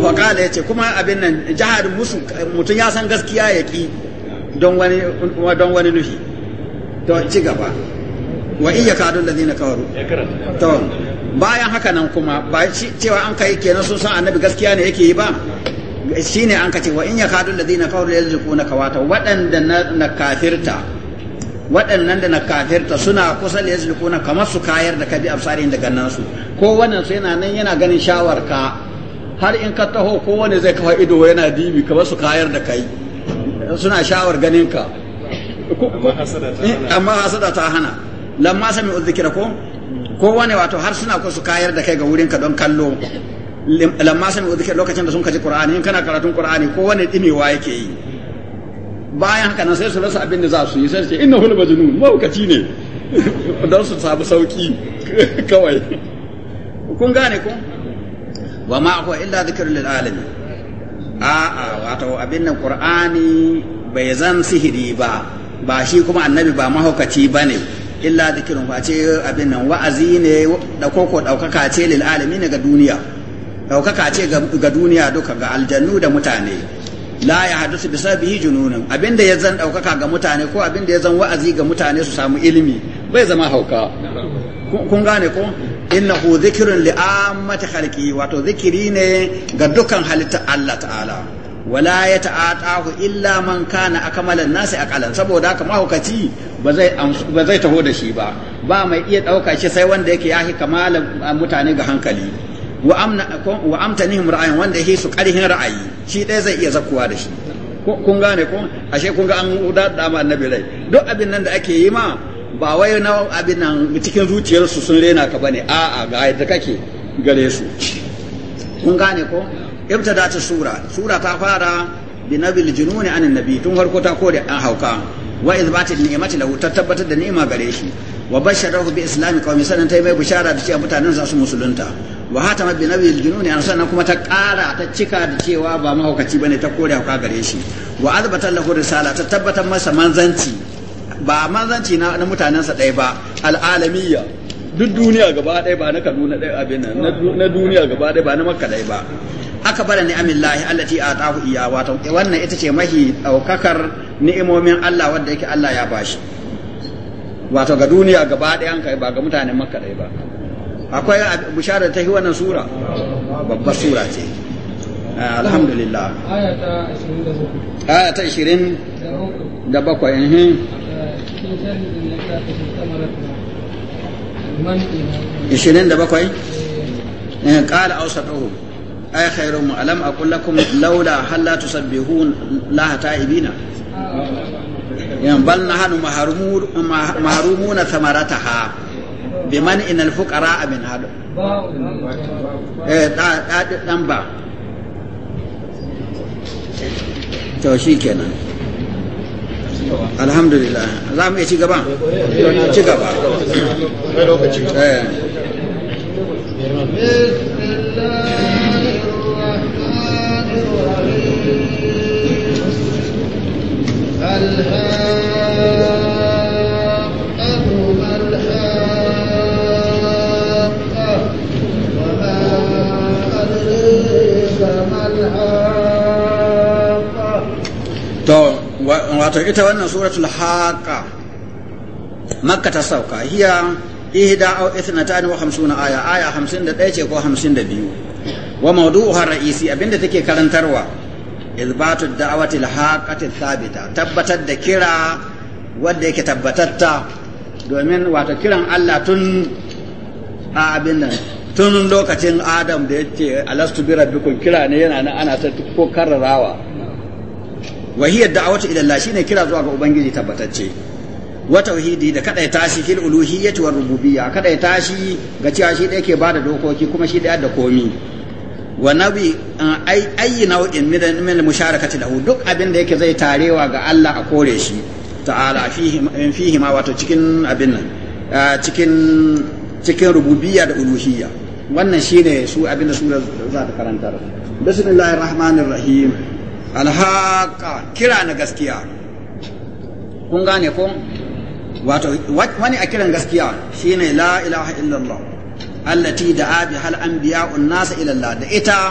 Speaker 1: faƙala ya ce kuma abin nan jihar musu mutum ya san gaskiya ya ƙi don wani nufi to ci gaba wa iya kadun da zina kawaru to bayan haka nan kuma ba cewa an kai kenan sun san annabi gaskiya ne yake yi ba Shi ne an ka ce wa in ya kadun da zina kawaru ya zuku na kawata waɗanda na kafirta waɗannan da na kafirta suna kusa da yazliku na kamar su kayar da kabi absari daga nan su ko wannan su yana nan yana ganin shawar ka, har in ka taho ko wani zai kafa ido yana dibi kamar su kayar da kai suna shawar ganin ka
Speaker 3: Eh,
Speaker 1: amma hasada ta hana lamma sami uzzikira ko ko wane wato har suna ko su kayar da kai ga wurinka don kallo lamma sami uzzikira lokacin da sun kaji qur'ani in kana karatun qur'ani ko wane dimewa yake yi bayan haka nan sai su rasa abin da za su yi sai su ce innahu majnun maukaci ne don su samu sauki kawai kun gane ko wa ma huwa illa dhikrul lil alamin a'a wato abin nan qur'ani bai zan sihiri ba ba shi kuma annabi ba mahaukaci ba ne illa zikirun ba ce abin nan wa'azi ne da koko ɗaukaka ce lil alami ne ga duniya ɗaukaka ce ga duniya duka ga aljannu da mutane la ya hadisu bi sabihi jununun abinda ya zan ɗaukaka ga mutane ko abinda ya zan wa'azi ga mutane su samu ilimi bai zama hauka kun gane ko innahu ku li ammati khalqi wato zikiri ne ga dukkan halitta Allah ta'ala wala ya ta'atahu illa man kana akmalan nasi aqalan saboda haka mahaukaci ba zai ba zai taho da shi ba ba mai iya dauka shi sai wanda yake yahi kamalan ah, mutane ga hankali wa amna wa amtanihim ra'ayin wanda yake su karihin ra'ayi shi dai zai iya zakuwa da shi kun gane ko ashe kun ga an da ma annabi rai duk abin nan da ake yi ma ba wai na abin nan cikin zuciyarsu sun rena ka bane a'a ga yadda kake gare su kun gane ko ibtadat sura sura ta fara bi nabil jununi anin nabi tun farko ta kore an hauka wa izbati ni'mati lahu ta tabbatar da ni'ima gare shi wa basharahu bi islami qaumi sanan ta mai bishara da cewa mutanen za su musulunta wa hatama bi nabil jununi an sanan kuma ta ƙara ta cika da cewa ba mahaukaci bane ta kore hauka gare shi wa azbata lahu risala ta tabbatar masa manzanci ba manzanci na mutanen sa ɗaya ba al'alamiyya duk duniya gaba ɗaya ba na kaduna ɗaya abin nan na duniya gaba ɗaya ba na makka ɗaya ba akbar ni'amillahi allati atahu iya wato wannan ita ce mahi daukakar ni'imomin Allah wanda yake Allah ya bashi wato ga duniya gaba ɗaya kai ba ga mutanen makka ɗaya ba akwai bishara ta yi wannan sura babbar sura ce ah, alhamdulillah aya ta
Speaker 2: 20
Speaker 1: da bakwai mhm ishirin da bakwai ƙala ausa ɗauhu ay khairum alam aqul lakum laula hal la tusabbihun la ta'ibina yan bal nahnu mahrumuna thamarataha fuqara min hadu eh da dan ba to shikenan alhamdulillah za mu iya ci gaba ci gaba eh wato ita wannan suratul haqa makka ta sauka hiya ihda au ithnatani wa khamsuna aya aya 51 ce ko 52 wa mawdu'uha ra'isi abinda take karantarwa izbatu da'awati al thabita tabbatar da kira wanda yake ta domin wato kiran Allah tun a abin nan tun lokacin Adam da yace alastu bi rabbikum kira ne yana nan ana ta ko karrarawa wa hiya da'awatu ila Allah shine kira zuwa ga ubangiji tabbatacce wa tauhidi da kada ya tashi fil uluhiyyati war rububiyya kada ya tashi ga cewa shi da yake bada dokoki kuma shi da yadda komi wa nabi eh, ayi nau'in min musharakati lahu duk abin da yake zai tarewa ga Allah a kore shi ta'ala fihi ma wato cikin abin nan eh, cikin cikin rububiyya da uluhiyya wannan shine su abin da sura za ta karanta bismillahir rahmanir rahim alhaqa kira na gaskiya kun gane ko wato wani a kiran gaskiya shine la ilaha illallah allati da'a bi hal anbiya'un nas ila Allah da ita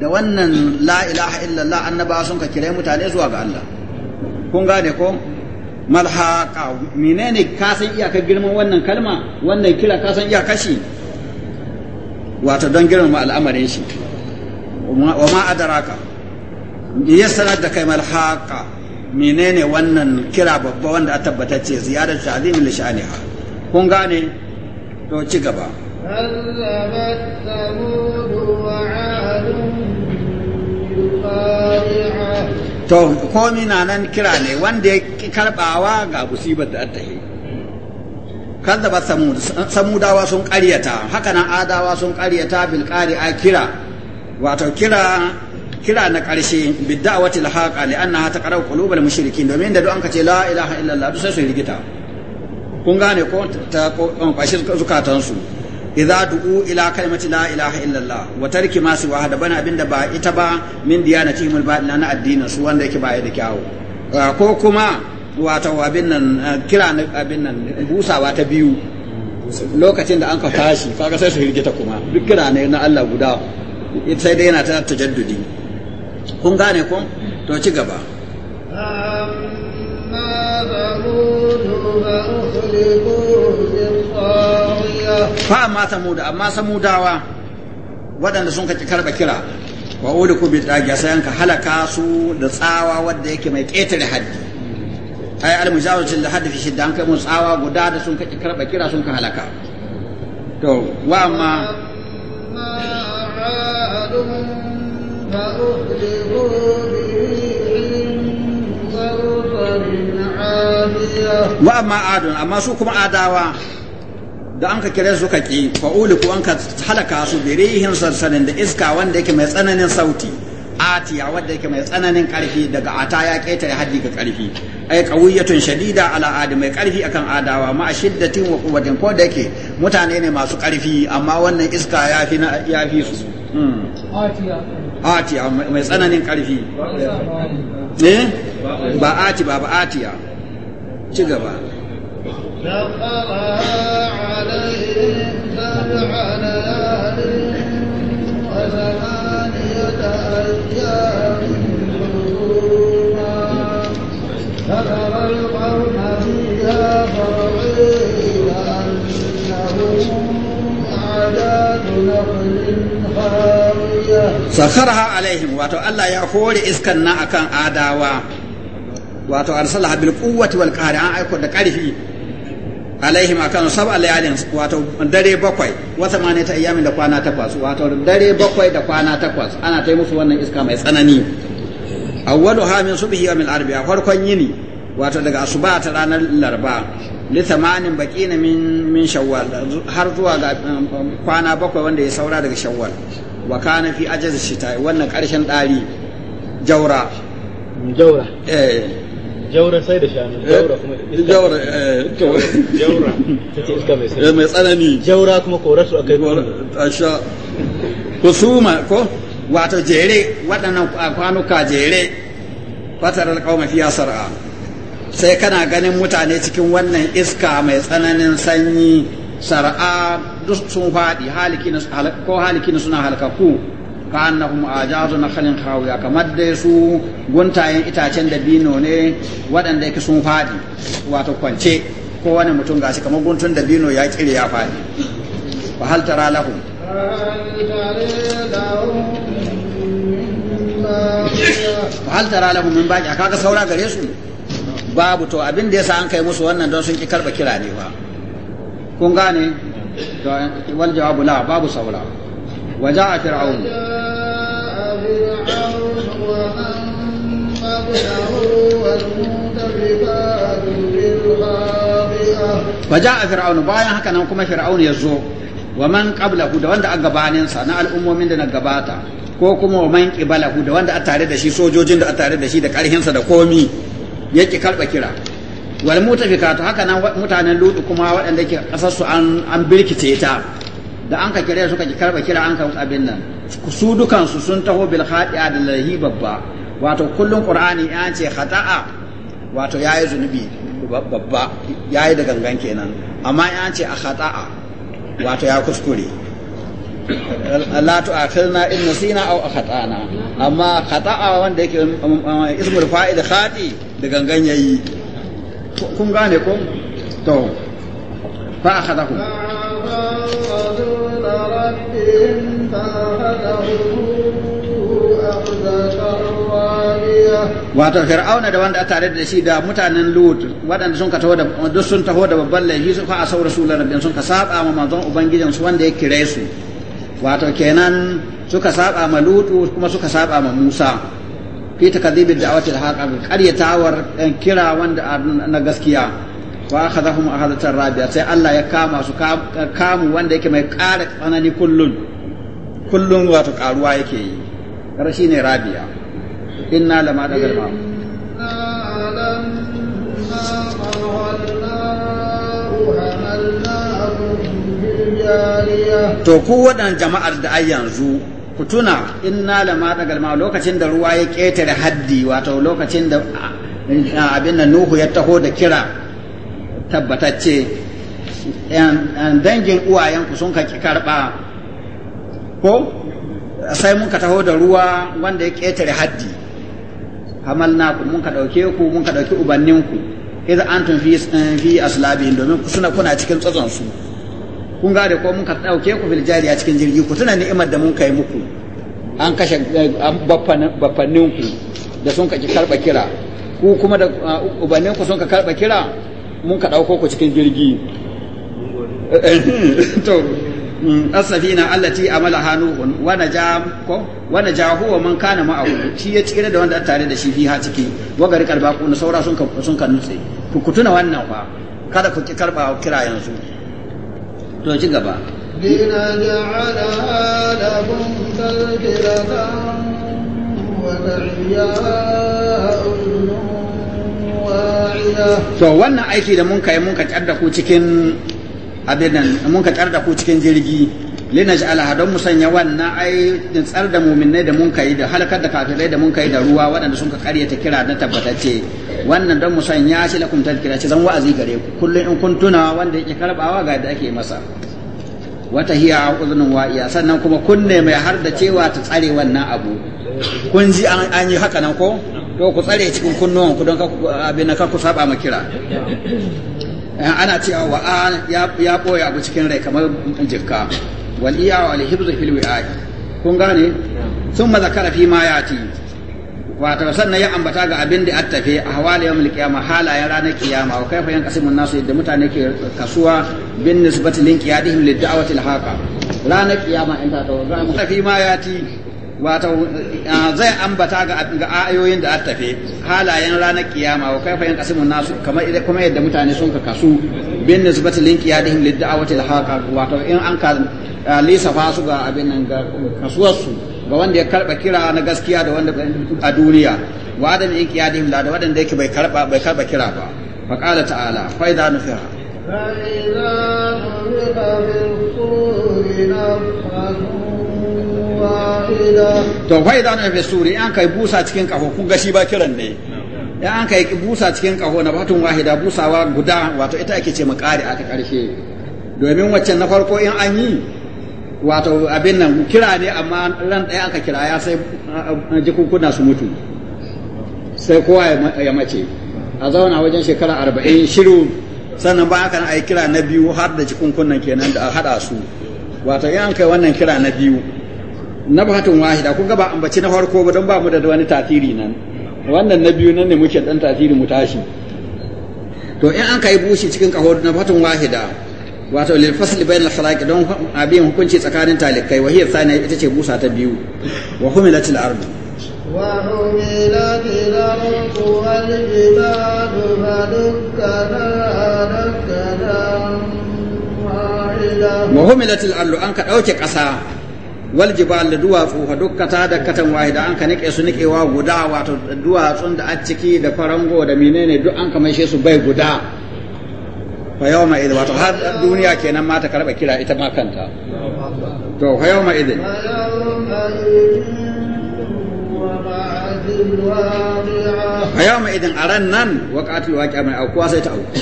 Speaker 1: da wannan la ilaha illallah annabawa sun ka kire mutane zuwa ga Allah kun gane ko malhaqa menene ka san iyakar wannan kalma wannan kira ka san iyakar don girmama al'amarin shi wa ma adaraka ya sanar da kai malhaqa menene wannan kira babba wanda a tabbatacce ziyarar ta'zim li sha'aniha kun to ci gaba
Speaker 2: كذبت ثمود وعاد
Speaker 1: to komi na nan kira ne wanda ya karɓawa ga musibar da ta yi ba samudawa sun ƙaryata, haka nan adawa sun ƙaryata bil a kira wato kira kira na karshe wata lahaƙa ne an na hata ƙarar ƙulubar mashirikin domin da duk an kace la ilaha illallah duk sai su rigita kun gane ko ta kwashi zukatansu idza du'u ila kalimati la ilaha illallah wa tarki ma siwa da bana abinda ba ita ba min na al-batina na addinin su wanda yake baya da kyawu ko kuma wato abin nan kira abin nan busawa ta biyu lokacin da an ka tashi kaga sai su hirgita kuma duk kira ne na Allah guda sai dai yana ta tajaddudi kun gane ko to ci gaba وثمود mata بالطاغية فأما ثمود أما waɗanda sun kaci karɓa kira wa ku bi tsagiya sai ka halaka su da tsawa wadda yake mai ƙetare haddi ai almujawazin da haddi fi shidda an kai mun tsawa guda da sun kaci karɓa kira sun ka halaka to wa amma
Speaker 2: فأخلقوا
Speaker 1: wa amma adun amma su kuma adawa da an ka kire su ka ki fa'uli ko an ka halaka su bi rihin sarsanin da iska wanda yake mai tsananin sauti atiya wanda yake mai tsananin karfi daga ata ya ya haddi ga karfi ai qawiyatun shadida ala adi mai karfi akan adawa ma shiddatin wa quwwatin ko da yake mutane ne masu karfi amma wannan iska ya fi ya fi su hmm. atiya atiya mai tsananin karfi eh ba ati ba ba atiya ci gaba sakharha alaihim wato Allah ya hore iskan na akan adawa wato arsalaha bil quwwati wal qahri an aiko da karfi alaihim akan sab'a layalin wato dare bakwai mane ta ayyamin da kwana takwas wato dare bakwai da kwana takwas ana ta musu wannan iska mai tsanani awwalu ha min subhi wa min arbi'a farkon yini wato daga asuba ta ranar larba li thamanin baqina min min shawwal har zuwa ga um, um, kwana bakwai wanda ya saura daga shawwal wa kana fi ajaz shita wannan karshen dari jaura jaura eh jaura sai da shanu eh, jaura kuma eh, jaura jaura iska mai sai eh, tsanani jaura kuma koratu akai Ku suma ko wato jere waɗannan kwanuka jere fatar alƙawma fiya sar'a sai kana ganin mutane cikin wannan iska mai tsananin sanyi sar'a duk sun faɗi ko halikina suna halkaku ka annahum ajazu nakhlin khawiya kamar dai su guntayen itacen da bino ne waɗanda yake sun fadi wato kwance ko wani mutum shi kamar guntun da bino ya kire ya fadi wa hal tara lahum wa hal tara lahum min baqi kaga saura gare su babu to abin da yasa an kai musu wannan don sun ki karba kira ne ba kun gane wal jawabu la babu saura وجاء فرعون وجاء فرعون bayan haka nan kuma fir'aun ya zo wa man qablahu da wanda a gabaninsa na al'ummomin da na gabata ko kuma wa man qibalahu da wanda a tare da shi sojojin da a tare da shi da karhinsa da komi ki karba kira wal mutafikatu haka nan mutanen Luɗu kuma waɗanda ke kasar su an birkice ta da an ka kire suka karba kira an kan abin nan su dukansu sun taho bil khati'a da lahi babba wato kullun qur'ani ya ce khata'a wato yayi zunubi babba yayi da gangan kenan amma ya ce a khata'a wato ya kuskure la tu'akhirna in nasina aw akhatana amma khata'a wanda yake ismul fa'il khati da gangan yayi kun gane ko to fa akhadahu ربهم فأخذهم wato fir'auna da wanda a tare da shi da mutanen lut waɗanda sun ka taho da duk sun taho da babban laifi su fa a su rasulun sun ka saba ma manzon ubangijin su wanda ya kire su wato kenan suka saba ma lutu kuma suka saba ma musa fi takadhibi da'awati al-haqq qaryatawar eh, kira wanda na gaskiya wa akhadhahum ahadatan rabi'a sai Allah ya kama su kamu wanda yake mai ƙara tsanani kullun kullun wato karuwa yake yi shi ne rabi'a inna lama da garba to ku waɗannan jama'ar da ai yanzu ku tuna inna lama da garma lokacin da ruwa ya ƙetare haddi wato lokacin da abin da Nuhu ya taho da kira tabbatacce dangin uwayenku sun ka karɓa ko sai mun ka taho da ruwa wanda ya ƙetare haddi hamalna ku mun ka ɗauke ku mun ka ɗauki ubanninku idan an tun fi eh, aslabihin domin suna kuna cikin tsatson su kun gane ko mun ka ɗauke ku fil cikin jirgi ku tuna ni'imar da mun kai muku an kashe eh, bafanninku da sun ka karɓa kira ku kuma da eh, ubanninku sun ka karɓa kira mun ka ɗauko ku cikin jirgi eh, to mm, na allati amala hanuhun wa naja ko wa naja huwa man kana shi ya tsira da wanda tare da shi ha ciki wagari karba ku saura sun sun nutse ku tuna wannan fa kada ku ki karba kira yanzu to ci gaba
Speaker 2: لنجعلها لكم تذكرة وتعيها
Speaker 1: to wannan aiki da mun kai mun ka tsar da ku cikin abin nan mun ka tsar da ku cikin jirgi linaj alaha don mu sanya wannan ai tsar da muminai da mun kai da halakar da kafirai da mun kai da ruwa waɗanda sun ka ta kira na tabbatacce wannan don mu sanya shi lakum tadhkira ce zan wa'azi gare ku kullum in kun tuna wanda yake karbawa ga da ake masa wata hiya a uzunin wa'iya sannan kuma kunne mai har da cewa ta tsare wannan abu kun ji an yi haka nan ko to ku tsare cikin kunnuwan ku don abin ka ku saba ma kira eh, ana cewa wa ya boye abu cikin rai kamar jikka wal iya wal hibzu fil wi'ai kun gane sun mazakara fi ma yati wato sannan ya ambata ga abin da attafe a hawali yawmul qiyamah halayen ranar kiyama wa kaifa kasimun nasu yadda mutane ke kasuwa bin nisbati lin qiyadihim lid da'wati haqa ranar kiyama in ta tawo fi ma yati wato zai ambata ga ayoyin da attafe halayen ranar kiyama wa kaifa yanqasimun nasu kamar kuma yadda mutane sun ka kasu bin nisbati lin qiyadihim lid da'awati al haqa wato in an ka lisa su ga abin nan ga kasuwar su ga wanda ya karba kira na gaskiya da wanda a duniya wa adam yin qiyadihim la da wanda yake bai karba bai karba kira ba fa qala ta'ala fa idza nufiha
Speaker 2: fa idza nufiha bil qur'an to
Speaker 1: fa da na suri an kai busa cikin kaho kun ga shi ba kiran ne ya an kai busa cikin kafo na batun wahida busawa guda wato ita ake ce makari aka karshe domin wacce na farko in an yi wato abin nan kira ne amma ran ɗaya aka kira ya sai eh, jikunkuna su mutu sai kowa ya mace a zauna wajen shekara arba'in shiru sannan ba aka ai kira na biyu har da jikunkunan kenan da a haɗa su wato in an kai wannan kira na biyu nabhatun wahida kun ga ba ambaci na farko ba don ba mu da wani tasiri nan wannan na biyu nan ne muke dan tasiri mu tashi to in an kai bushi cikin kaho nabhatun wahida wato lil fasl bayna al khalaiq don abin hukunci tsakanin talikai wa hiya sani ita ce busa ta biyu wa humilatil ardu
Speaker 2: wa humilatil ardu wal jibalu fadukkana dakkana
Speaker 1: wa humilatil ardu an ka dauke kasa wal jibal da duwatsu fa dukkata da katan wahida an ka nike su nikewa guda wato duwatsun da an ciki da farango da menene duk an ka maishe su bai guda fa yawma idin wato har duniya kenan ma ta karba kira ita ma kanta to fa yawma idin fa yawma idh aran nan waqatul waqi'a mai aukuwa sai ta auku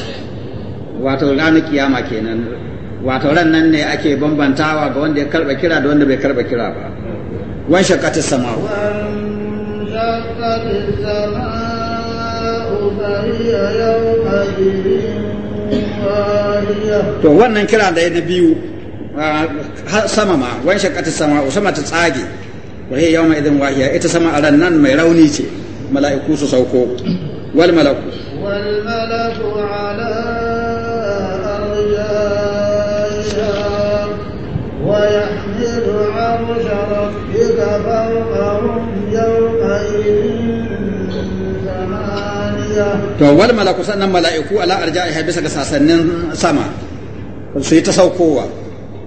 Speaker 1: wato ranar kiyama kenan wato ran nan ne ake bambantawa ga wanda ya karba kira da wanda bai karba kira ba wan shaqati sama'u to wannan kira da na biyu sama ma wan shaqati sama'u sama ta tsage wa hiya yawma idin wahiya ita sama a ran nan mai rauni ce mala'iku su sauko wal malaku
Speaker 2: wal malaku ala ويحمل عرش ربك فوقهم يومئذ
Speaker 1: to wani malaku sannan mala'iku ala arja'iha bisa ga sasannin sama su yi ta saukowa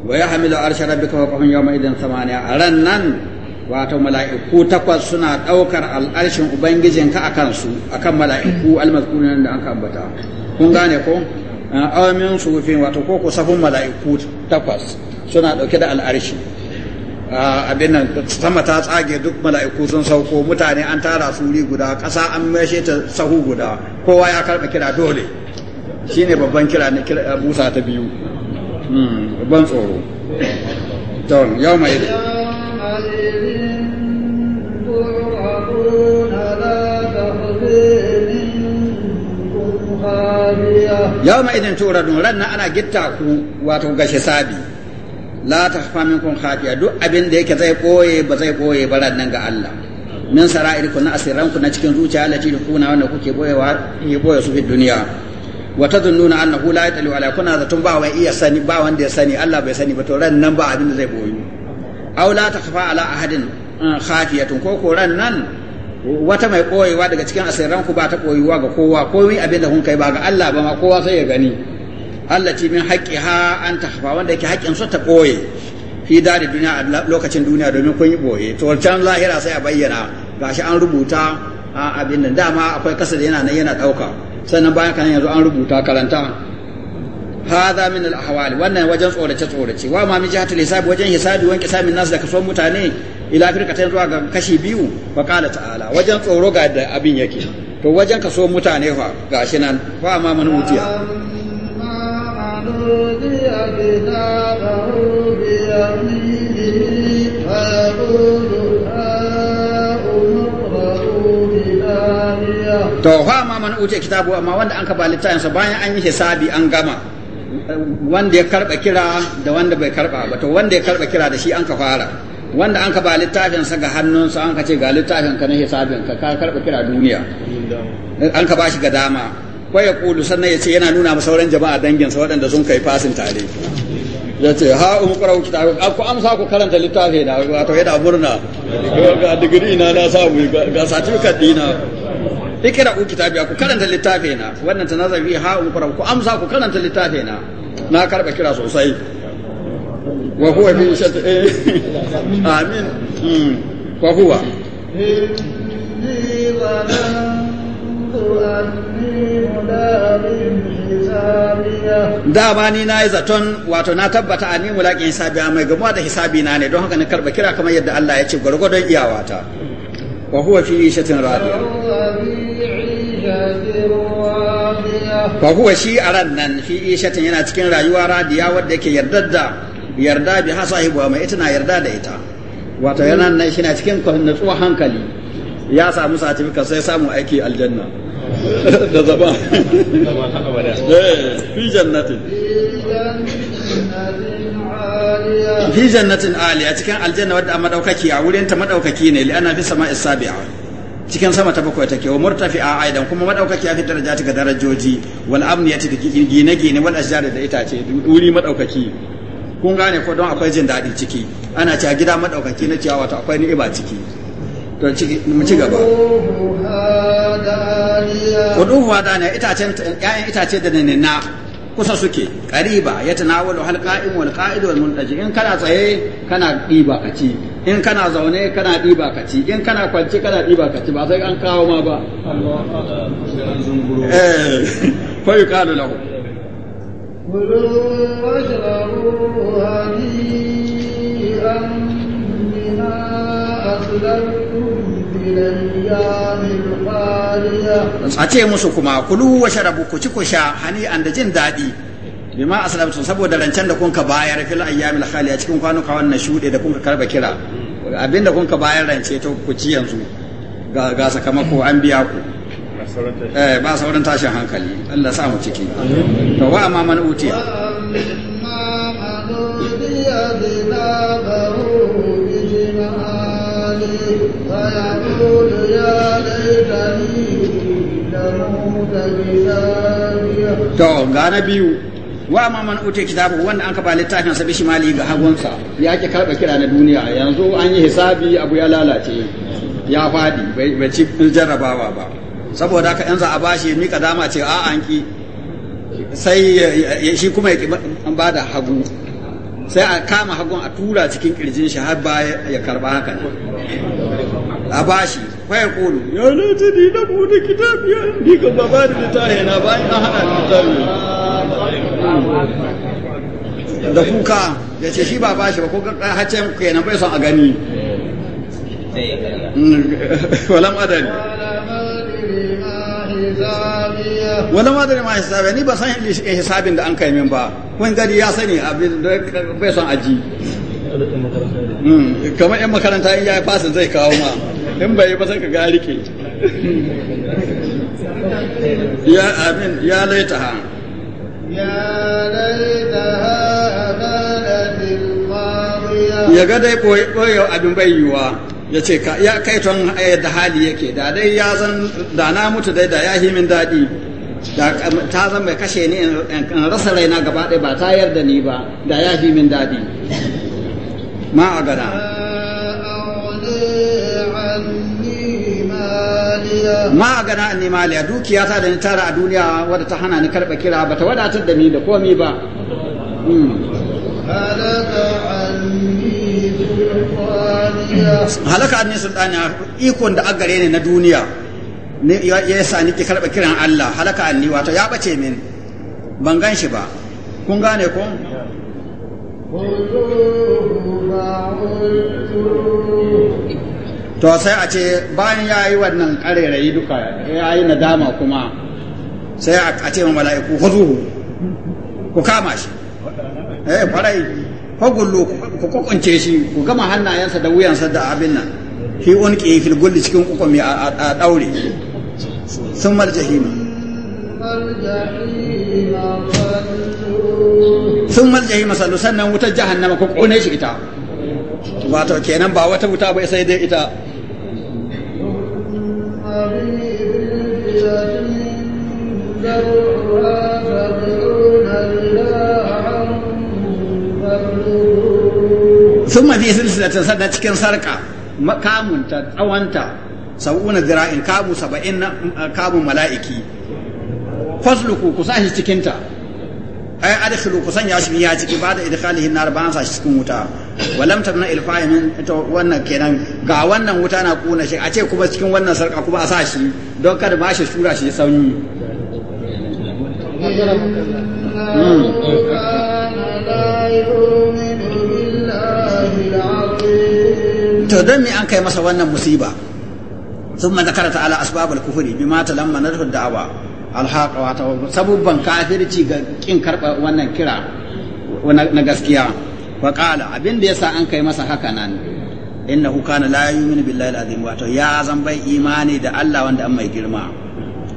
Speaker 1: wa ya hamilu arshe rabbi wa qahun yawon idan samaniya a ran nan wato mala'iku takwas suna ɗaukar al'arshin ubangijinka akan su akan mala'iku nan da an ambata kun gane ko amin ah, sufin wato ko ko mala'iku takwas suna dauke da al'arshi ah, abin nan sama ta tsage duk mala'iku sun sauko mutane an tara suri wuri guda ƙasa an mashe ta sahu guda kowa ya karɓa kira dole shine babban kira na kira eh, busa ta biyu babban hmm, tsoro don yau mai
Speaker 2: Thank
Speaker 1: yau ma idan tura dun ran ana gitta ku wato gashi sabi la ta fa kun khafiya duk abin da yake zai koye ba zai koye ba ran nan ga Allah min sara'irku na asiranku na cikin zuciya lati kuna wanda kuke boyewa ke boye su fi duniya wa tazunnuna annahu la yatalu ala kuna tun ba wai iya sani ba wanda ya sani Allah bai sani ba to ran nan ba abin da zai boyu aw la ta fa ala ahadin ah, khafiyatun ko ko ran nan wata mai koyewa daga cikin asiranku ba ta koyewa ga kowa komai abin da kun kai ba ga Allah ba ma kowa sai ya gani Allah ci min haƙƙi ha an ta hafa wanda yake haƙƙin su ta koye fi da duniya a lokacin duniya domin kun yi boye to can lahira sai a bayyana ga gashi an rubuta a abin da dama akwai kasa da yana nan yana ɗauka sannan bayan kan yanzu an rubuta karanta hadha min al ahwal wannan wajen tsorace tsorace wa ma min jihatul hisab wajen hisabi wanki samin nas da kaso mutane ila ka zuwa ga kashi biyu ba kala ta'ala wajen tsoro ga da abin yake to wajen kaso mutane fa gashi nan fa ma man mutiya to fa ma man uce kitabu amma wanda an ka kaba littafinsa bayan an yi hisabi an gama wanda ya karba kira da wanda bai karba ba to wanda ya karba kira da shi an ka fara wanda an ka ba littafin sa ga hannunsa an ka ce ga littafin ka na hisabin ka ka karba kira duniya an ka ba shi ga dama ko ya kulu sannan ya ce yana nuna ma sauran jama'a dangin sa waɗanda sun kai fasin tare ya ce ha umu qara'u kitabu ku amsa ku karanta littafi na wato yana murna ga digiri na na samu ga ka dina ikira ku kitabi ku karanta littafi na wannan nazari ha umu qara'u ku amsa ku karanta littafi na na karba kira sosai wa huwa fi shat amin hmm. wa dama ni na yi zaton wato na tabbata a ni mulaƙin hisabi mai gamuwa da hisabi na ne don haka na karɓa kira kamar yadda Allah ya ce gwargwadon iyawata wa huwa fi ishatin radiya wa huwa shi a ran nan fi ishatin yana cikin rayuwa radiya wadda yake yardar da yarda bi ha sahibu mai ita na yarda da ita wato yana nan shi na cikin nutsuwar hankali ya samu certificate sai samu aiki aljanna da zaba eh, fi jannatin fi jannatin aliya cikin aljanna wadda madaukaki a wurin ta madaukaki ne li ana fi sama isabi'a. cikin sama ta bakwai take wa a aidan kuma madaukaki ya fi daraja ta ga darajoji wal amniyati da gine gine wal ashjar da itace wuri madaukaki kun gane ko don akwai jin daɗi ciki ana cewa gida maɗaukaki na cewa wato akwai ni'ima ciki don mu ci gaba kuduhu hadaniya itacen ƴaƴan itace da na kusa suke qariba yatanawalu halqa'im wal qa'id wal muntaji in kana tsaye kana ɗiba ka ci in kana zaune kana ɗiba ka ci in kana kwance kana ɗiba ka ci ba sai an kawo ma ba eh fa yuqalu lahu A musu musu
Speaker 2: kuma ku في الأيام الخالية ku
Speaker 1: مسكما كلوا واشربوا كتكشا هنيئا jin daɗi. bima asalamtu saboda rancen da kun ka bayar fil ayyamil khaliya cikin kwanuka wannan shuɗe da kun ka karba kira abinda kun bayar rance to ku ci yanzu ga sakamako an biya ku eh ba sauran tashin hankali Allah sa mu ciki to wa amma man uti to
Speaker 2: يا ليتني
Speaker 1: wa ma man utai kitabu wanda an kaba littafin sa bishi ga hagunsa ya ke karba kira na duniya yanzu an yi hisabi abu ya lalace ya fadi bai ci jarrabawa ba saboda haka yanzu za a bashi mika dama ce a an ki sai shi kuma ya ba da hagu sai a kama hagun a tura cikin kirjin shi har baya ya karba haka a bashi wayar kolo ya ce ni na bude kitabi ya ni ka baba da ta na bayan an hana yi da kuka ya ce shi ba bashi ba ko hacen kenan bai son a gani mm, walam adali wala ma da ma hisabi ni ba san hisabin da an kai min ba wani gari ya sani abin da bai son aji kamar yan makaranta in ya fasa zai kawo ma in bai ba sai ka ga rike ya amin ya laita ha
Speaker 2: ya laita ha ya
Speaker 1: ga dai koyo abin bai yiwa ya ce ya kai ton yadda hali yake da dai ya zan da na mutu dai da ya yi min daɗi da ta zan mai kashe ni in rasa raina gaba ɗaya ba ta yarda ni ba da ya yi min daɗi ma a gada ma a gana ni maliya dukiya ta da ni tara a duniya wadda ta hana ni karɓa kira ba ta wadatar da ni da komi ba. Hmm.
Speaker 2: Mm.
Speaker 1: halaka ne sultani ikon da agare ne na duniya ne ya sa nake karba kiran Allah halaka ne wato ya bace min ban gan shi ba kun gane ko to sai a ce bayan ya yi wannan karerayi duka ya yi nadama kuma sai a ce ma mala'iku huzuhu ku kama shi eh farai fagullu ku kwakwance shi ku gama hannayensa da wuyansa da abin nan shi unki fil gulli cikin kukumi a daure sun marjahima sun marjahima sallu sannan wutar jahannama ku kone shi ita wato kenan ba wata wuta bai sai dai ita
Speaker 2: ذرها فادعون
Speaker 1: sun mafi silsilatin sannan cikin sarka makamunta tsawonta sab'una zira'in kamu saba'in kamu mala'iki fasluku ku sa shi cikinta ai adkhilu ku sanya shi ya ciki ba da idkhalihin nar ba sa shi cikin wuta walam tabna ilfahimin to wannan kenan ga wannan wuta na kuna shi a ce kuma cikin wannan sarka kuma a sa shi don kada ba shi shura shi sanyi Mm. to don me an kai masa wannan musiba ثم ذكر تعالى اسباب الكفر بما تلمنته الدعوه الحق واتو سببا ga kin karba wannan kira na gaskiya wa qala abin da yasa an kai masa haka nan innahu kana la yu'minu billahi alazim wato ya zan bai imani da Allah wanda an mai girma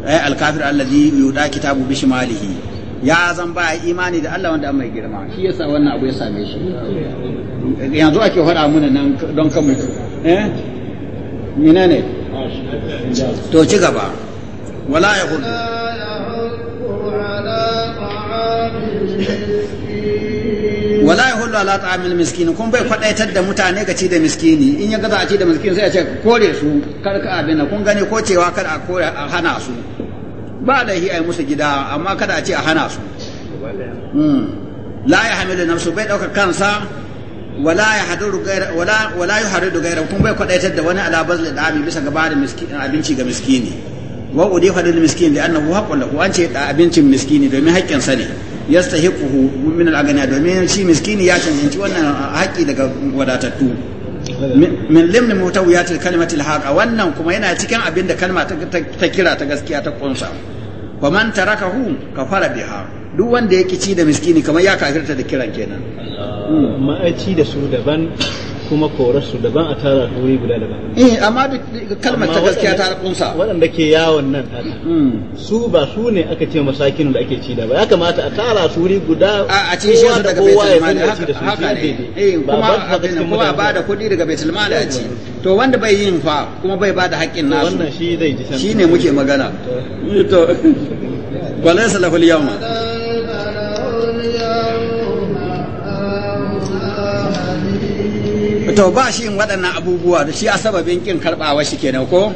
Speaker 1: ay alkafir alladhi yuda kitabu bishimalihi ya zan ba imani da Allah wanda mai girma shi yasa wannan abu ya same shi yanzu ake faɗa mana nan don kamar eh ne. to ci gaba wala ya hudu wala ya hullu ala ta'amil miskini kun bai kwadaitar da mutane ga ci da miskini in ya gaza a ci da miskini sai a ce kore su kar ka abin kun gani ko cewa kar a hana su ba da a yi musu gida amma kada a ce a hana su hmm. la ya hamilu nafsu bai ɗaukar kansa wala ya haduru gaira wala ya haduru gaira kun bai kwadaitar da wani alabaz da abi bisa ga bada abinci ga miskini wa udifa lil miskin li'annahu haqqun lahu an ce abincin miskini domin haƙƙin sa ne yastahiquhu min al-aghniya domin shi miskini ya cancanci wannan haƙƙi daga wadatattu min limni mutawiyatil kalimatil haqa wannan kuma yana cikin abin da kalma ta kira ta gaskiya ta kunsa wa man tarakahu kafara biha duk wanda ya kici da miskini kamar ya kafirta da kiran kenan ma'aci da su daban kuma korarsu daban a tara wuri guda daban eh amma kalmar ta gaskiya ta kunsa waɗanda ke yawon nan hmm. su ba su ne aka ce masakin da ake ci da ba ya kamata a tara su wuri guda a ce shi daga baitul mali eh, haka ne kuma kuma ba da kuɗi daga baitul mali a ci to wanda bai yin fa kuma bai ba da haƙƙin nasu wannan shi zai ji shi ne muke magana to walaysa lahul yawma to ba shi in waɗannan abubuwa da shi a sababin kin karɓawa shi kenan ko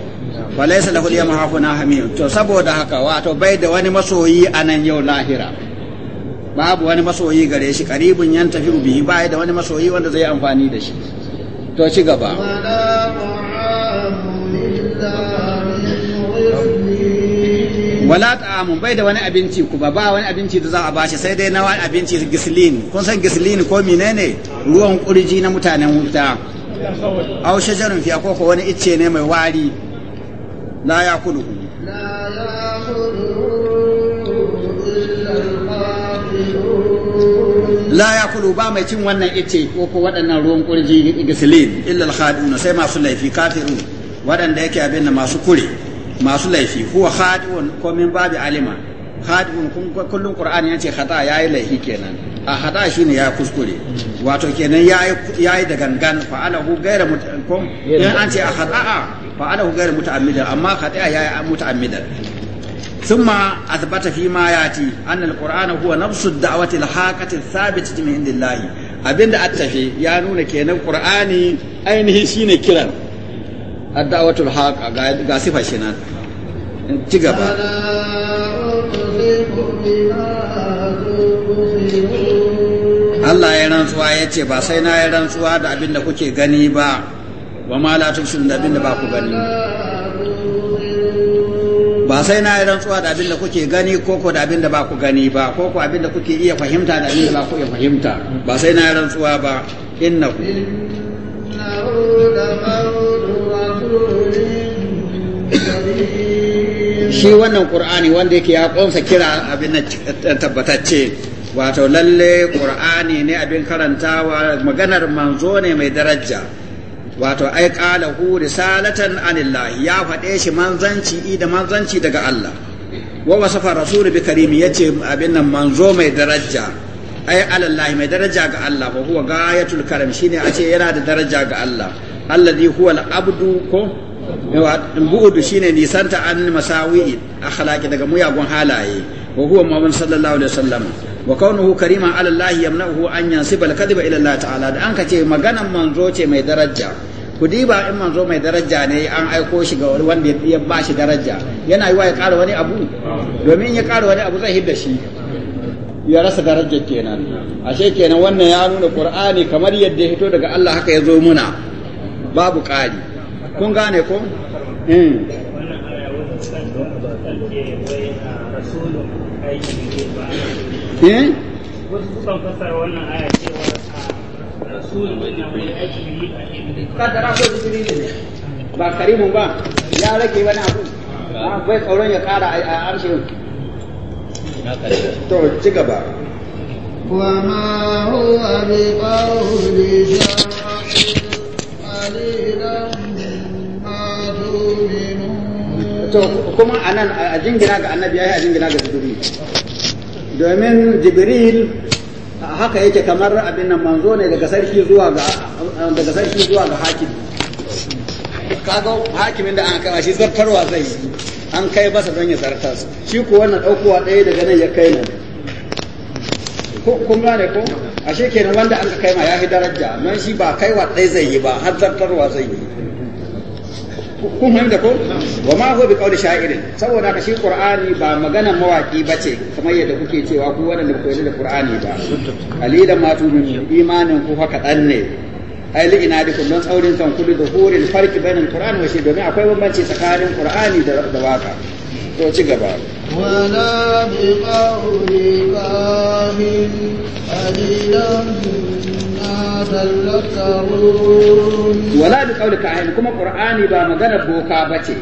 Speaker 1: walaysa lahu yawma mahafuna hamim to saboda haka wato bai da wani masoyi a nan yau lahira babu wani masoyi gare shi karibun yan tafi bihi bai da wani masoyi wanda zai amfani da shi to ci gaba wala ta'amun bai da wani abinci ku ba ba wani abinci da za a bashi sai dai na wani abinci gislin kun san gislin ko menene ruwan kurji na mutanen wuta aw shajarun fiya ko wani icce ne mai wari la ya kulu la ya ba mai cin wannan icce ko ko waɗannan ruwan kurji gislin illa al sai masu laifi kafiru waɗanda yake abin da masu kure masu laifi huwa khadi'un ko min babi alima khadi'un kullum qur'ani yace khata yayi laifi kenan a khata shine ya kuskure wato kenan yayi yayi da gangan fa alahu ghayra mutaqam in an ce a khata'a fa alahu ghayra muta'ammidan amma khata'a yayi muta'ammidan ثم أثبت فيما يأتي أن القرآن هو نفس الدعوة الحاقة الثابتة من عند الله أبين أتفي يعني كأن القرآن أينه شين كلام addawatul haq ga sifa shi nan ci gaba Allah ya rantsuwa ya ce ba sai na ya rantsuwa da abin da kuke gani ba wa ma la tubsirun da abin da ba ku gani ba sai na ya rantsuwa da abin da kuke gani ko ko da abin da ba ku gani ba ko ko abin da kuke iya fahimta da abin da ba ku iya fahimta ba sai na ya rantsuwa ba innahu shi wannan qur'ani wanda yake ya kunsa kira abin tabbatacce wato lalle qur'ani ne abin karantawa maganar manzo ne mai daraja wato ai qala hu risalatan anillahi ya faɗe shi manzanci da manzanci daga Allah wa wasafa rasul bi karimi yace abin nan manzo mai daraja ai alallahi mai daraja ga Allah wa huwa gayatul karam shine a ce yana da daraja ga Allah alladhi huwa al-abdu ko bu'udu shine nisanta an masawi akhlaqi daga muyagun halaye wa huwa muhammad sallallahu alaihi wasallam wa kaunuhu kariman ala allah yamna'uhu an yansiba al ila allah ta'ala da an ce maganan manzo ce mai daraja ku diba in manzo mai daraja ne an aiko shi ga wanda ya ba shi daraja yana yiwa ya ƙara wani abu domin ya ƙara wani abu zai hidda shi ya rasa darajar kenan ashe kenan wannan ya nuna qur'ani kamar yadda ya fito daga Allah haka ya zo muna babu ƙari kun gane ko ne hmm. hmm? ba karimun ba ya rage wani abu akwai ah, tsoron ya kara a arshin to ci gaba
Speaker 2: وما
Speaker 1: هو بقول شاعر
Speaker 2: قليلا
Speaker 1: to kuma a nan a jingina ga annabi yayi a jingina ga jibril domin jibril haka yake kamar abin nan manzo ne daga sarki zuwa ga daga sarki zuwa ga hakim kaga hakimin da an kawo shi zartarwa zai yi an kai masa don ya su shi ko wannan daukowa ɗaya daga nan ya kai nan kun ne ko a kenan wanda an kai ma ya fi daraja don shi ba kaiwa ɗaya zai yi ba har zartarwa zai yi kun fahimta ko wa ma huwa biqauli sha'irin saboda ka shi qur'ani ba magana mawaki bace kamar yadda kuke cewa ku wanda ku yi da qur'ani ba alila ma min imanin ku haka dan ne ai li ina dukun don saurin kudu da hurin farki bainal qur'ani wa shi domin akwai bambanci tsakanin qur'ani da da waka to ci gaba wala bi qawli kahin kuma qur'ani ba magana boka bace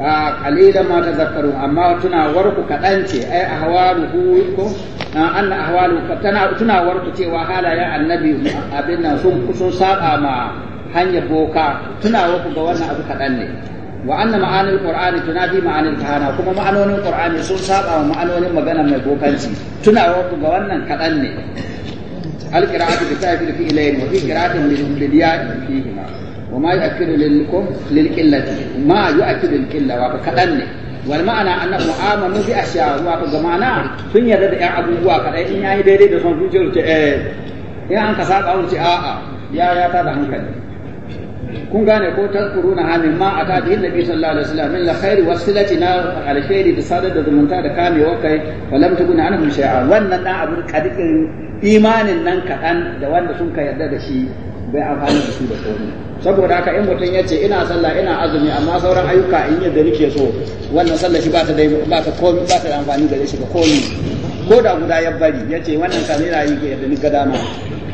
Speaker 1: a qalilan ma tazakkaru amma tuna warku kadan ce ai ahwaluhu ko na anna ahwalu tana tuna warku cewa hala ya annabi abin nan sun kusun saba ma hanya boka tuna warku ga wannan abu kadan ne wa anna ma'anil qur'ani tunadi ma'anil kana kuma ma'anonin qur'ani sun saba ma ma'anonin magana mai bokanci tuna warku ga wannan kadan ne القراءة بتاعت الفعلين وفي قراءة للياء فيهما وما يؤكد للقلة ما يؤكد القلة وكأن والمعنى أنهم آمنوا بأشياء وكمعنى sun yarda da ‘yan abubuwa kaɗai in yayi daidai da son zuciyar ce eh in an ka saba wuce a'a ya ya ta da hankali kun gane ko tazkuruna na mimma ma a nabi sallallahu alaihi wasallam min khairi wasilati na alkhairi da sadar da zumunta da kamewa kai walam tukuna anhum shay'a wannan dan abin kadikin imanin nan kadan da wanda sun ka yarda da shi bai amfani da su da komai saboda haka in mutum ya ce ina sallah ina azumi amma sauran ayyuka in yadda nake so wannan sallah shi ba ta ba ta komai ba ta da amfani da shi ba komai ko da guda ya bari ya ce wannan kan ina yi yadda ni ga dama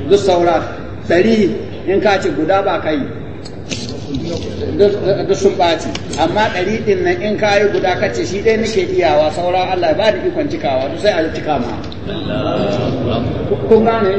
Speaker 1: duk saura ɗari in ka ce guda ba kai duk sun ɓaci amma ɗari ɗin nan in ka yi guda kace shi ɗaya nake iyawa sauran Allah ba da ikon cikawa duk sai a cika ma kun gane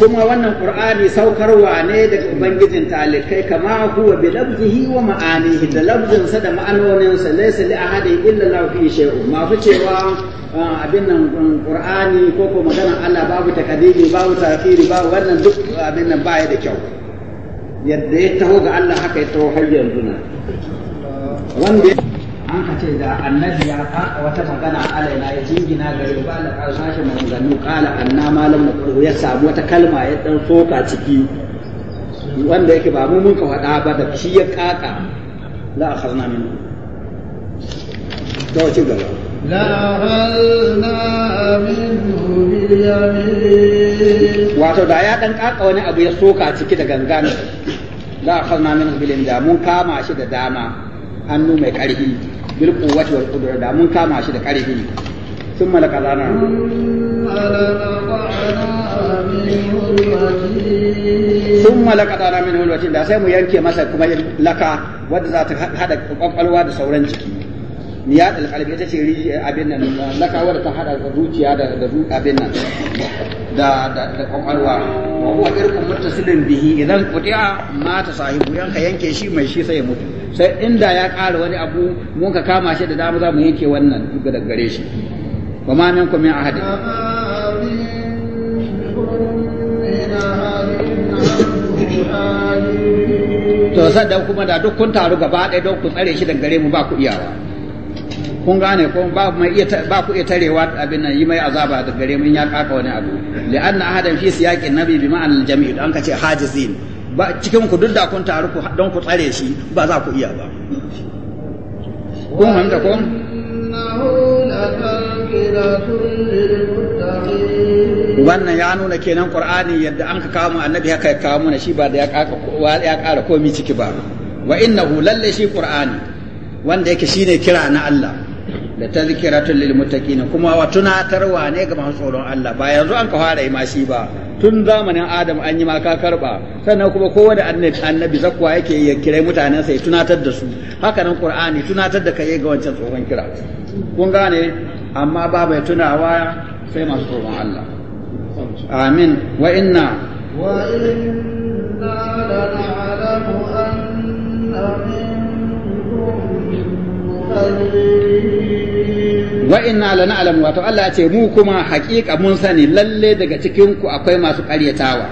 Speaker 1: kuma wannan ƙur'ani saukarwa ne daga ubangijin talikai kama kuwa bi lafzihi wa ma'anihi da lafzinsa da ma'anoninsa laisa li ahadin illa lahu fi ma masu cewa ah, abin nan ƙur'ani um, ko ko magana Allah babu takadiri babu tafsiri babu wannan duk abin nan baya da kyau yadda ya taho ga Allah haka ya taho har yanzu na wanda an ka ce da annabi ya faɗa wata magana alaina ya jingina gare ba da ƙarsashe maganganu ƙala anna malam na ya samu wata kalma ya ɗan soka ciki wanda yake ba mu mun ka faɗa ba da shi ya kaka la a karna min to ci gaba wato da ya dan kaka wani abu ya soka ciki da gangan la akhadna minhu bil da mun kama shi da dama hannu mai karfi bil quwwati wal qudrah da mun kama shi da karfi sun malaka zana sun malaka zana min hulwati da sai mu yanke masa kuma laka wadda za ta hada kwakwalwa da sauran jiki niyat al-qalbi ita ce abin nan na da ta hada zuciya da abin nan da da da kwakwalwa wa huwa irkun muttasilin bihi idan quti'a mata sahibu yan ka yanke shi mai shi sai ya mutu sai inda ya ƙara wani abu mun ka kama shi da dama za mu yanke wannan da gare shi wa ma minkum min ahadin to da kuma da duk kun taru gaba ɗaya don ku tsare shi daga gare mu ba ku iyawa kun gane ko ba mai iya ba ku iya tarewa abin nan yi mai azaba da gare mun ya kaka wani abu li anna ahadan fi siyaqin nabi bi ma'anal jami' an ce hajizin ba cikin ku duk da kun taru ku don ku tsare shi ba za ku iya ba kun hamda ko wannan ya nuna kenan qur'ani yadda an ka kawo mu annabi haka ya kawo mana shi ba da ya kaka ya kara komi ciki ba wa innahu lalle shi qur'ani wanda yake shine kira na Allah da tun lil muttaqin kuma wa tunatarwa ne ga masu tsoron Allah ba yanzu an ka fara yi mashi ba tun zamanin Adam an yi maka karba sannan kuma kowane annabi annabi zakwa yake ya kira mutanen sai tunatar da su haka nan Qur'ani tunatar da kai ga wancan tsoron kira kun gane amma ba bai tunawa sai masu tsoron Allah amin wa inna
Speaker 2: wa inna
Speaker 1: wa inna la na'lamu wato Allah ya ce mu kuma haƙiƙa mun sani lalle daga cikin ku akwai masu ƙaryatawa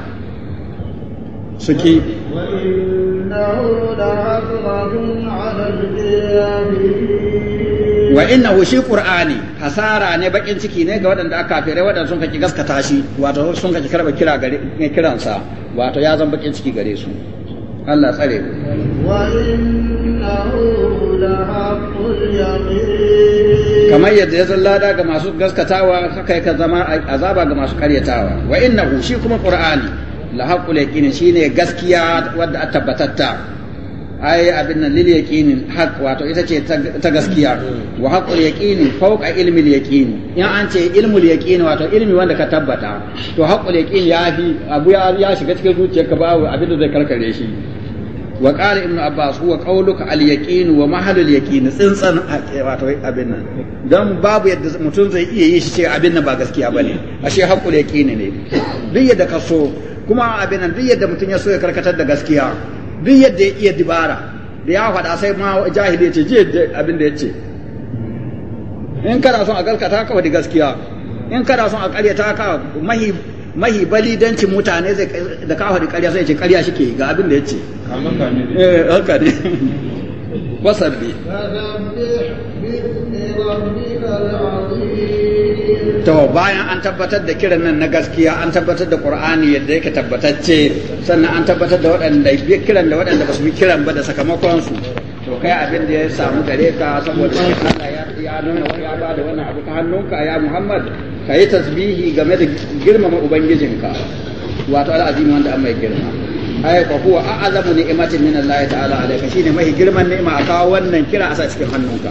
Speaker 1: suki wa hu shi qur'ani hasara ne bakin ciki ne ga waɗanda aka fere waɗanda sun kaki gaskata shi wato sun kaki karba kira gare kiransa wato ya zan bakin ciki gare su Allah tsare ku kamar yadda ya zallada ga masu gaskatawa haka ka zama azaba ga masu karyatawa wa innahu shi kuma qur'ani la haqqul yaqin shine gaskiya wadda a tabbatatta ai abin nan lil yaqinin haq wato ita ce ta gaskiya wa haqqul yaqini fawqa ilmi al yaqini in an ce ilmu al yaqini wato ilmi wanda ka tabbata to haqqul yaqini ya fi abu ya ya shiga cikin ka ba abin da zai karkare shi wa qala ibnu abbas huwa qawluka al yaqin wa mahalul yaqin tsintsan wato abin nan dan babu yadda mutum zai iya yi shi ce abin nan ba gaskiya bane ashe haqqul yaqini ne duk yadda ka so kuma abin nan duk yadda mutum ya so ya karkatar da gaskiya duk yadda ya iya dibara da ya faɗa sai ma jahili ce ji abin da ya ce in kana son a ta ka da gaskiya in kana son a ta ka mahi mahi balidancin mutane zai da ka faɗi karya sai ce karya shike ga abin da ya ce eh, haka ne wasabbi to bayan an tabbatar da kiran nan na gaskiya an tabbatar da qur'ani yadda yake tabbatacce sannan an tabbatar da waɗanda bi kiran da waɗanda ba su bi kiran ba da sakamakon su to kai abin da ya samu gare ka saboda Allah ya ya nuna ya ba da wannan abu ta hannunka ya Muhammad ka yi tasbihi game da girmama ubangijinka wato al'azim wanda an mai girma ai ko huwa a'azamu ni'matin min Allah ta'ala alayka shine mai girman ni'ima a kawo wannan kira a sa cikin hannunka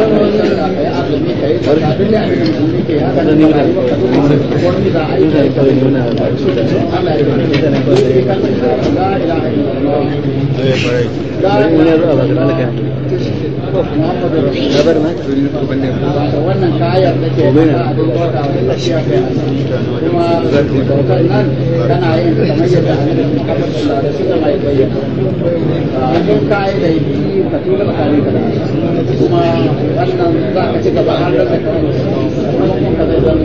Speaker 1: wannan kayar da ke da da kuma wannan za ka ci gaba har da kuma zai zan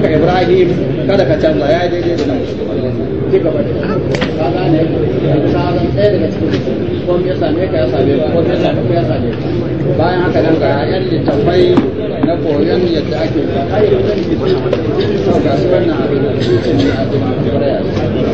Speaker 1: Ibrahim kada ka canza ya daidai da nan ci gaba da ka gane ka zan ɗaya daga cikin ko me same ka ya same ko me same ka ya same bayan haka nan ga yan littafai na koyon yadda ake ba ai ga su wannan abin da cikin ne